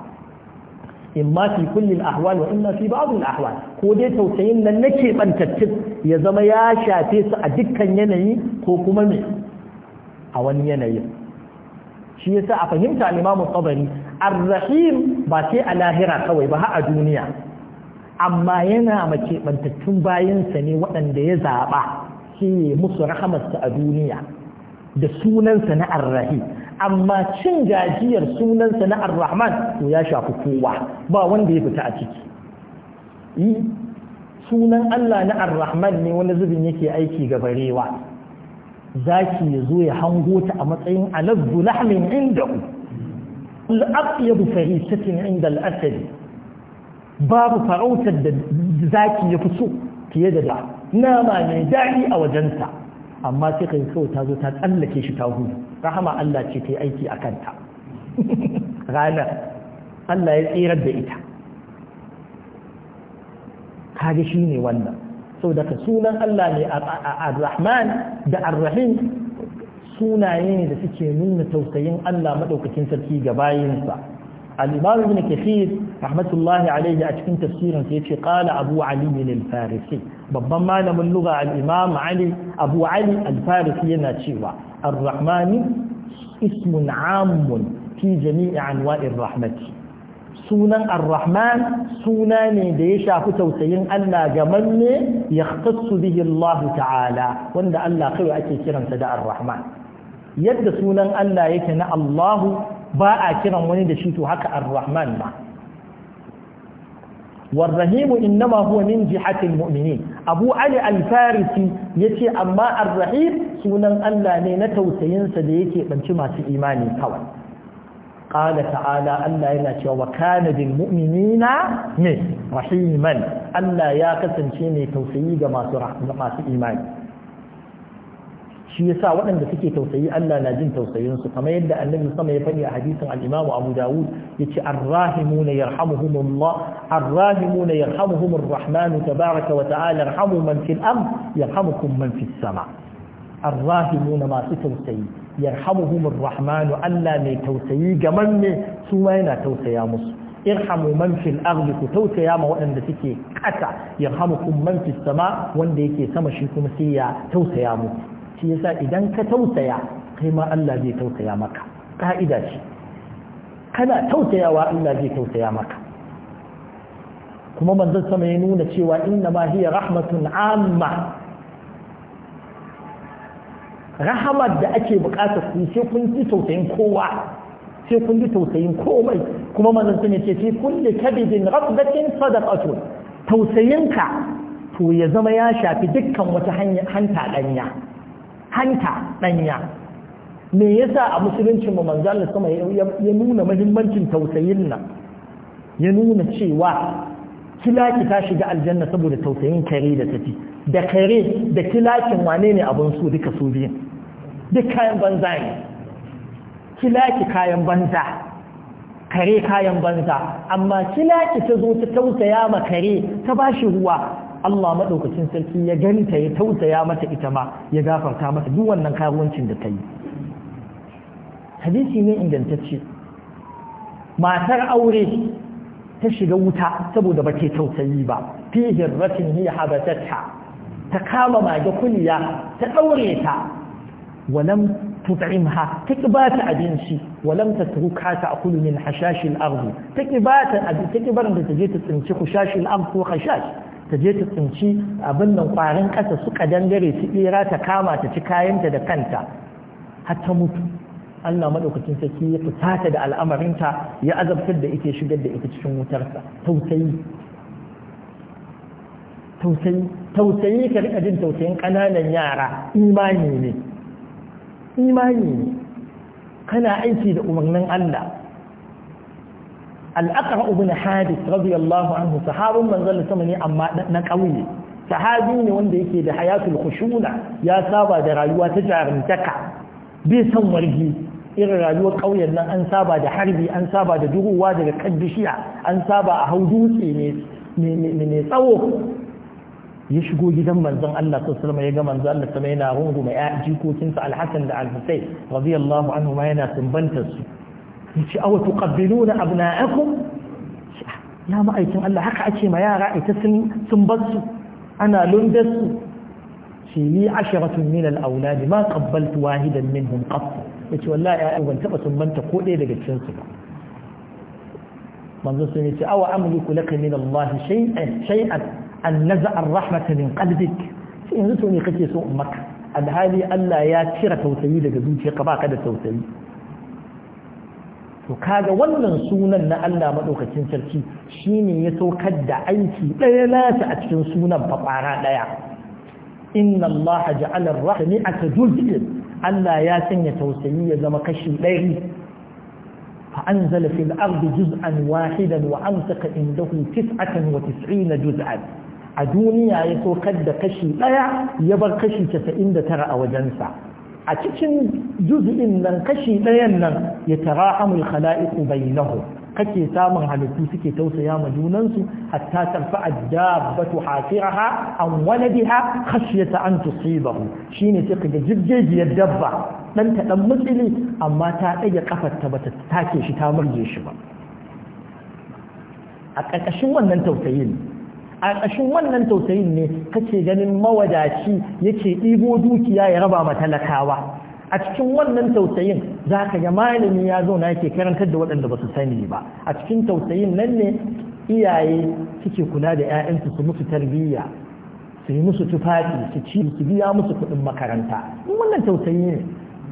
imma fi kullin al-ahwal wa imma fi ba'd al-ahwal ko dai tausayin nan na keɓantattun ya zama ya shafe su a dukkan yanayi ko kuma me a wani yanayin shi yasa a fahimta al-imamu tabari arrahim ba sai a lahira kawai ba a duniya amma yana mace bantattun bayansa ne waɗanda ya zaɓa shi ya musu rahamarsa a duniya da sunansa na arrahim amma cin gajiyar sunansa na arrahman rahman to ya shafi kowa ba wanda ya fita a ciki sunan Allah na arrahman ne wani zubin yake aiki ga barewa zaki ya zo ya hango ta a matsayin alazzu lahmin ku الأطيب فريسة عند الأسد باب فروت ذاكي يفسو تيدد ناما ميدعي أو جنسا أما تقي كوتا زوتا ألك يشتاهون رحمة الله تي أيتي أكنتا غانا الله يرد بإتا هذا شيني وانا سودك سونا الله الرحمن ده الرحيم sunaye ne da suke nuna tausayin Allah madaukakin sarki ga bayinsa al-imam ibn kathir rahmatullahi alayhi a cikin tafsirin sa yace qala abu ali al-farisi babban malamin lugha al-imam ali abu ali al-farisi yana cewa ar-rahman ismun amun fi jami'i anwa'ir rahmati sunan ar-rahman suna ne da ya shafi tausayin Allah ga manne ya khassu bihi Allah ta'ala wanda Allah kai ake kiransa da ar-rahman yadda sunan Allah yake na Allahu ba a kiran wani da shi to haka ar-rahman ba والرحيم إنما هو من جهة المؤمنين أبو علي الفارسي يتي أما الرحيم سونا ألا نينتو سينسى ليكي بنتما في إيماني كوي قال تعالى ألا ينتي وكان بالمؤمنين من رحيما ألا يا قسم شيني توسيق ما في إيماني shi yasa waɗanda suke tausayi Allah na jin tausayin su kamar yadda annabi sama ya faɗi a hadisin al-Imam Abu Dawud yace ar-rahimuna yarhamuhumullah ar-rahimuna yarhamuhumur rahman tabaaraka wa ta'ala yarhamu man fil ard yarhamukum man sama ar-rahimuna masu tausayi yarhamuhumur rahman Allah mai tausayi gaman ne su ma yana tausaya musu irhamu man fil ku tausaya ma waɗanda suke ƙasa yarhamukum man fis sama wanda yake sama shi kuma sai ya tausaya musu. shi yasa idan ka tausaya kai ma Allah zai tausaya maka ka'ida ce kana tausayawa Allah zai tausaya maka kuma manzon sama ya nuna cewa inna ma hiya rahmatun amma rahamar da ake bukatar ku sai kun ji tausayin kowa sai kun ji tausayin komai kuma manzon sama ce fi kulli kabidin rabbatin sadaqatun tausayinka to ya zama ya shafi dukkan wata hanta danya hanta ɗanya me yasa a musulunci mu manzo Allah sama ya nuna muhimmancin tausayin nan ya nuna cewa kilaki ta shiga aljanna saboda tausayin kare da tafi da kare da kilakin wane ne abun su duka su biyun duk kayan banza ne kilaki kayan banza kare kayan banza amma kilaki ta zo ta tausaya ma kare ta bashi ruwa Allah maɗaukacin sarki ya ganta ya tausaya mata ita ma ya gafarta mata duk wannan karuwancin da ta yi hadisi ne ingantacce matar aure ta shiga wuta saboda ba ta tausayi ba fi hirratin hiya habatatta ta kama mage kuliya ta daure ta walam tut'imha ta ta abinci walam tatruka ta akulu min hashashil ardh ta ta abinci ta barin da taje ta tsinci hashashil ardh ko hashash ta je ta tsinci abin nan kwarin ƙasa suka dangare su ɓera ta kama ta ci kayanta da kanta har ta mutu Allah maɗaukacin sarki ya fusata da al'amarinta ya azabtar da ita shigar da ita cikin wutarsa tausayi tausayi tausayi ka rika jin tausayin ƙananan yara imani ne imani ne kana aiki da umarnin Allah al'akar ibn hadith radiyallahu anhu sahabun manzon sama ne amma na kauye sahabi ne wanda yake da hayatul khushuna ya saba da rayuwa ta jarumtaka bai san wargi irin rayuwar ƙauyen nan an saba da harbi an saba da duruwa daga kan bishiya an saba a hau dutse ne tsawo ya shigo gidan manzon Allah sallallahu ya ga manzon Allah sama yana rungu mai jikokinsa al da Al-Husayn radiyallahu anhu ma yana sumbantar su yace aw tuqabbiluna abna'akum ya ma'aikin Allah haka ake ma yara ita sun sun basu ana lundar su ce ni asharatun min al-awlad ma qabbaltu wahidan minhum qatt yace wallahi ya ban taba sun banta ko ɗaya daga cikin su ba manzo sun yace awa amliku laka min Allah shay'an shay'an an naza'a ar-rahmata min qalbik sai yanzu to ne kake so ummaka alhali Allah ya cire tausayi daga zuciyarka baka da tausayi to kaga wannan sunan na Allah maɗaukacin sarki shine ya saukar da aiki ɗaya nasa a cikin sunan fafara ɗaya inna Allah ja'ala rahmi aka juz'in Allah ya sanya tausayi ya zama kashi ɗari fa anzala fil ardi juz'an wahidan wa amsaka indahu tis'atan wa juz'an a duniya ya saukar da kashi ɗaya ya bar kashi 99 a wajensa a cikin juzu'in nan kashi ɗayan nan ya tarahamul khala'iqu bainahu kake samun halittu suke tausaya ma junansu hatta tarfa addabatu hasiraha an waladiha khashyata an tusibahu shine sai kaga jirgejiyar dabba dan ta dan mutsili amma ta dage kafar ta bata take shi ta murje shi ba a ƙarƙashin wannan tausayin a ƙashin wannan tausayin ne kake ganin mawadaci yake ɗibo dukiya ya raba ma talakawa a cikin wannan tausayin za ka ga malami ya zauna yake karantar da waɗanda ba su sani ba a cikin tausayin nan ne iyaye suke kula da 'ya'yansu su musu tarbiyya su yi musu tufafi su ci su biya musu kuɗin makaranta wannan tausayi ne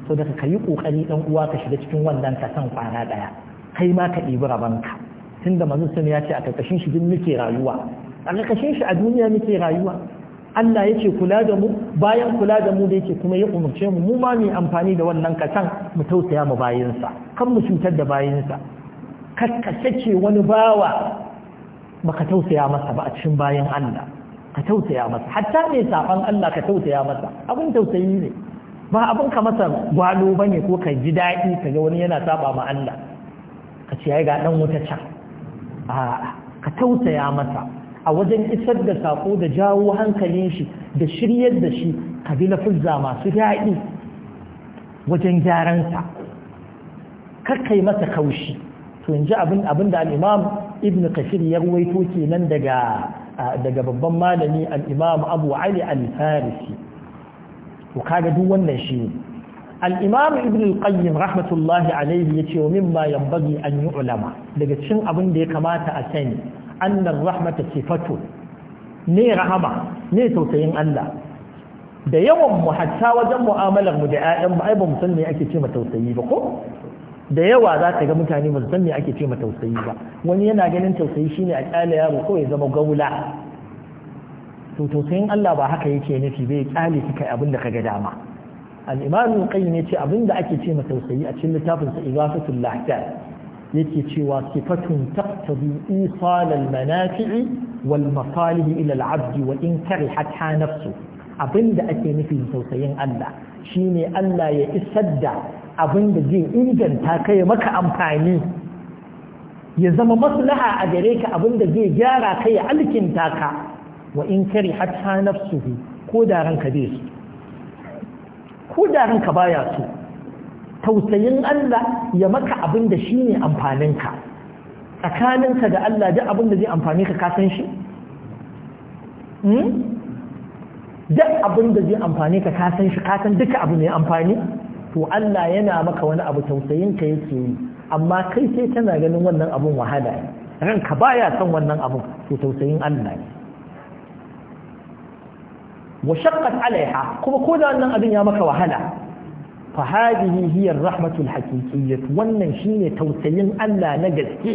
so daga ka yi ƙoƙari ɗan uwa ka shiga cikin wannan ka san kwana ɗaya kai ma ka ɗibi rabanka tunda manzon sani ya ce a ƙarƙashin shi duk muke rayuwa a ƙarƙashin shi a duniya muke rayuwa Allah yake kula da mu bayan kula da mu da yake kuma ya umarce mu mu ma mai amfani da wannan kasan mu tausaya mu bayansa kan mu cutar da bayansa ka ce wani bawa baka tausaya masa ba a cikin bayan Allah ka tausaya masa hatta mai safan Allah ka tausaya masa abin tausayi ne ba abin ka masa gwalo bane ko ka ji daɗi ka ga wani yana saba ma Allah ka ce ai ga dan wuta can a ka tausaya masa a wajen isar da saƙo da jawo hankalin shi da shiryar da shi kabila fulza masu daɗi wajen gyaran gyaransa kakkai masa kaushi to in ji abin da al'imam ibn kashir ya ruwaito kenan daga daga babban malami al'imam abu ali al-farisi to kaga duk wannan shi ne al'imam ibn al-qayyim rahmatullahi alaihi ya ce wa mimma yambagi an yi ulama daga cikin abin da ya kamata a sani annan rahmata sifatu ne rahama ne tausayin Allah da yawan mu hatta wajen mu'amalar mu da ƴaƴan mu ai ba mu san me ake ce ma tausayi ba ko da yawa za ka ga mutane ba su san me ake ce ma tausayi ba wani yana ganin tausayi shine a kyale yaro ko ya zama gaula to tausayin Allah ba haka yake nufi bai kyale shi kai abin da ka ga dama al-imam ce abinda ake ce ma tausayi a cikin littafin sa igasatul yake cewa sifatun taqtadi isal al manafi'i wal masalih ila al abdi wa in karihat ha nafsu abinda ake nufi tausayin Allah shine Allah ya isar da abinda zai inganta kai maka amfani ya zama maslaha a gare ka abinda zai gyara kai ya alkinta ka wa in karihat ha nafsuhu ko da ranka bai su ko da ranka baya so tausayin Allah ya maka abin da shi ne amfaninka tsakaninka da Allah duk abin da zai amfani ka kasan shi? Hmm? duk abin da zai amfani ka kasan shi kasan duka abu ne amfani to Allah yana maka wani abu tausayinka yake yi amma kai sai tana ganin wannan abun wahala ne ranka baya son wannan abun to tausayin Allah ne wa shaqqat alaiha kuma ko da wannan abin ya maka wahala fa hadihi hiya rahmatul haqiqiyyah wannan shine tausayin Allah na gaske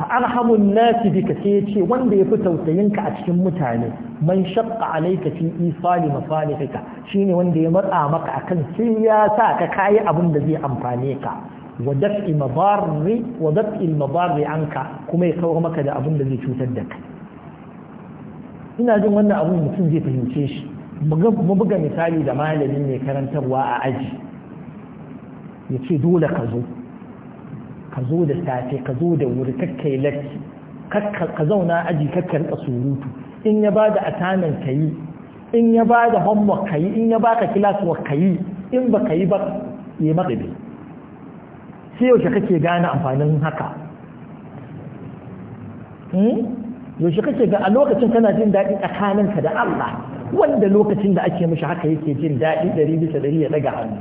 fa arhamun nasi bika sai yace wanda yafi tausayin ka a cikin mutane man shaqqa alayka fi isali masalihika shine wanda ya matsa maka akan sai ya sa ka kai abin da zai amfane ka wa daf'i madarri wa anka kuma ya kawar maka da abin da zai cutar da kai ina jin wannan abin mutum zai fahimce shi mu buga misali da malamin mai karantarwa a aji ya ce dole ka zo ka zo da safe ka zo da wuri kakkai latti ka zauna aji kakkar ka surutu in ya ba da atanan ka yi in ya ba da homework ka yi in ya ba ka kilas wa ka yi in ba ka yi ba ya maka bi sai yaushe kake gane amfanin haka hmm? yaushe kake ga a lokacin kana jin daɗin tsakaninka da Allah wanda lokacin da ake mishi haka yake jin daɗi ɗari bisa ɗari ya ɗaga hannu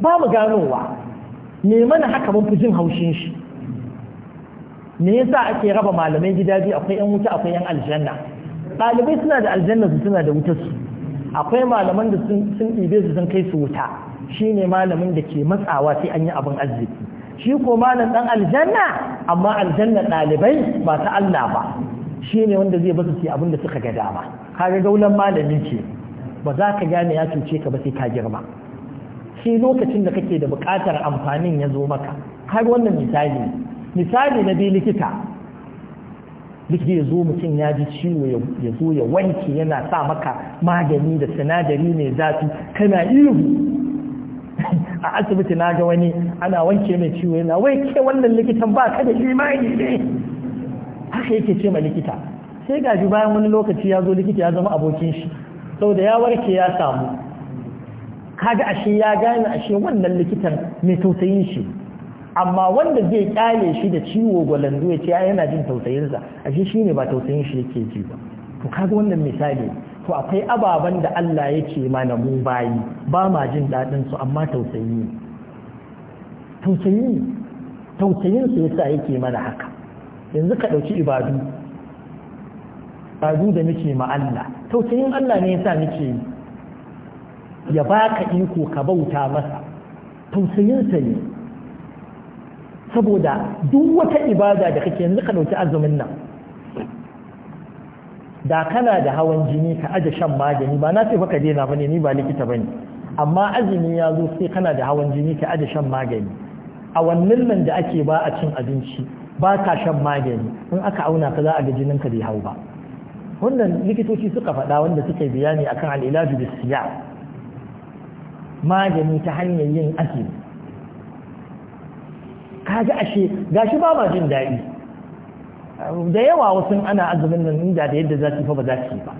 ba mu ganowa me mana haka mun fi jin haushin shi me yasa ake raba malamai gida biyu akwai yan wuta akwai yan aljanna ɗalibai suna da aljanna su suna da wutar su akwai malaman da sun ɗibe su sun kai su wuta shine malamin da ke matsawa sai an yi abin arziki shi ko malam ɗan aljanna amma aljanna ɗalibai ba ta Allah ba Shi ne wanda zai basu su abin da suka gada ba. kaga gaulan malami ce ba za ka gane ya cuce ka ba sai ka girma shi lokacin da kake da buƙatar amfanin ya zo maka kaga wannan misali misali na bi likita likita ya zo mutum ya ji ciwo ya zo ya wanke yana sa maka magani da sinadari mai zafi kana ihu <laughs> a asibiti na ga wani ana wanke mai ciwo yana wai ke wannan likitan ba ka da imani ne haka yake ce ma likita sai gaji bayan wani lokaci ya zo likita ya zama abokin shi da ya warke ya samu kaga ashe ya gane ashe wannan likitan mai tausayin shi amma wanda zai kyale shi da ciwo gwalando ya ce yana jin tausayinsa ashe shi ne ba tausayin shi yake ji ba to kaga wannan misali to akwai ababen da Allah yake mana mu bayi ba ma jin daɗin su amma tausayi tausayi tausayin su yasa yake mana haka yanzu ka ɗauki ibadu ibadu da muke ma Allah in Allah ne yasa nake ya baka iko ka bauta masa tausayinsa ne saboda duk wata ibada da kake yanzu ka dauki azumin nan da kana da hawan jini ka aje shan magani ba na ce baka daina bane ni ba likita bane amma azumi ya zo sai kana da hawan jini ka aje shan magani a wannan nan da ake ba a cin abinci ba ka shan magani in aka auna ka za a ga jinin ka bai hau ba wannan likitoci suka faɗa wanda suke bayani akan al'ilaju da siya magani ta hanyar yin Ka kaji ashe gashi ba ma jin daɗi da yawa wasu ana azumin nan inda da yadda za su fa ba za su yi ba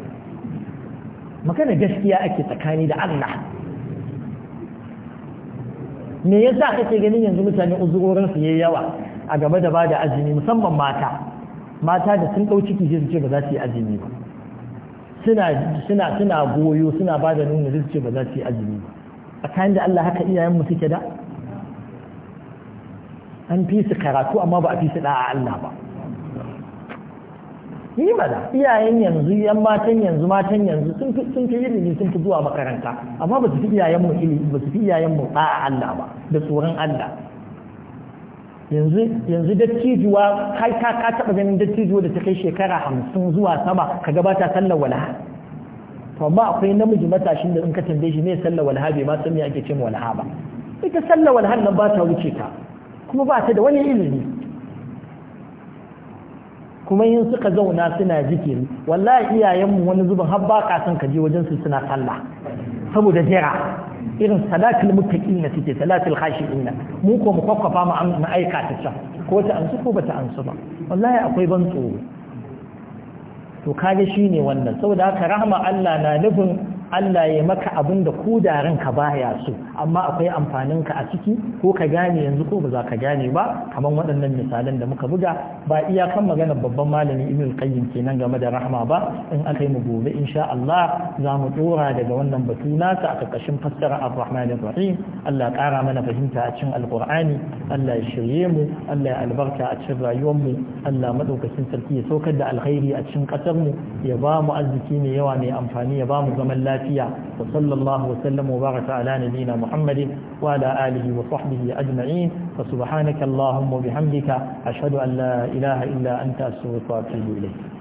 makana gaskiya ake tsakani da Allah me yasa kake ganin yanzu mutane uzurorin su yayi yawa a gaba da bada azumi musamman mata mata da sun ɗau ciki sai su ce ba za su yi azumi ba suna suna suna goyo suna ba da nuna su ce ba za su yi azumi ba a kayan da Allah haka iyayen mu suke da an fi su karatu amma ba a fi su da'a Allah ba yi da iyayen yanzu yan matan yanzu matan yanzu sun fi sun fi ilimi sun fi zuwa makaranta amma ba su fi mu ilimi ba su fi iyayenmu da'a Allah ba da tsoron Allah yanzu yanzu dattijuwa har ka ka taba ganin dattijuwa da ta kai shekara hamsin zuwa sama ka gabata sallar walaha to amma akwai namiji matashin da in ka tambaye shi me sallar walaha bai ma san me ake cewa walaha ba ita sallar walaha nan ba ta wuce ta kuma ba ta da wani ilimi kuma yin suka zauna suna zikiri wallahi iyayenmu wani zubin har ba ka san ka je wajen su suna sallah saboda jira irin salatul muttaqin na suke salatul khashi'in na mu ko mu kwakwafa mu an aika ta can ko ta ansu ko bata amsu ba wallahi akwai ban tsoro to kage shine wannan saboda haka rahma Allah na nufin Allah ya maka abin da ku da ranka baya so amma akwai amfanin ka a ciki ko ka gane yanzu ko ba za ka gane ba kamar waɗannan misalan da muka buga ba iya kan magana babban malami Ibn Qayyim kenan game da rahma ba in aka yi mu gobe insha Allah za mu dora daga wannan batu nasa a karkashin fassara Ar-Rahman Ar-Rahim Allah ƙara mana fahimta a cikin Al-Qur'ani Allah ya shirye mu Allah ya albarka a cikin rayuwar mu Allah madaukakin sarki ya saukar da alkhairi a cikin ƙasar mu ya ba mu arziki mai yawa mai amfani ya ba mu zaman lafiya lafiya wa sallallahu wa sallam wa baraka ala nabina muhammadin wa ala alihi wa sahbihi ajma'in wa subhanaka allahumma bihamdika ashhadu an la ilaha illa anta astaghfiruka wa atubu ilayk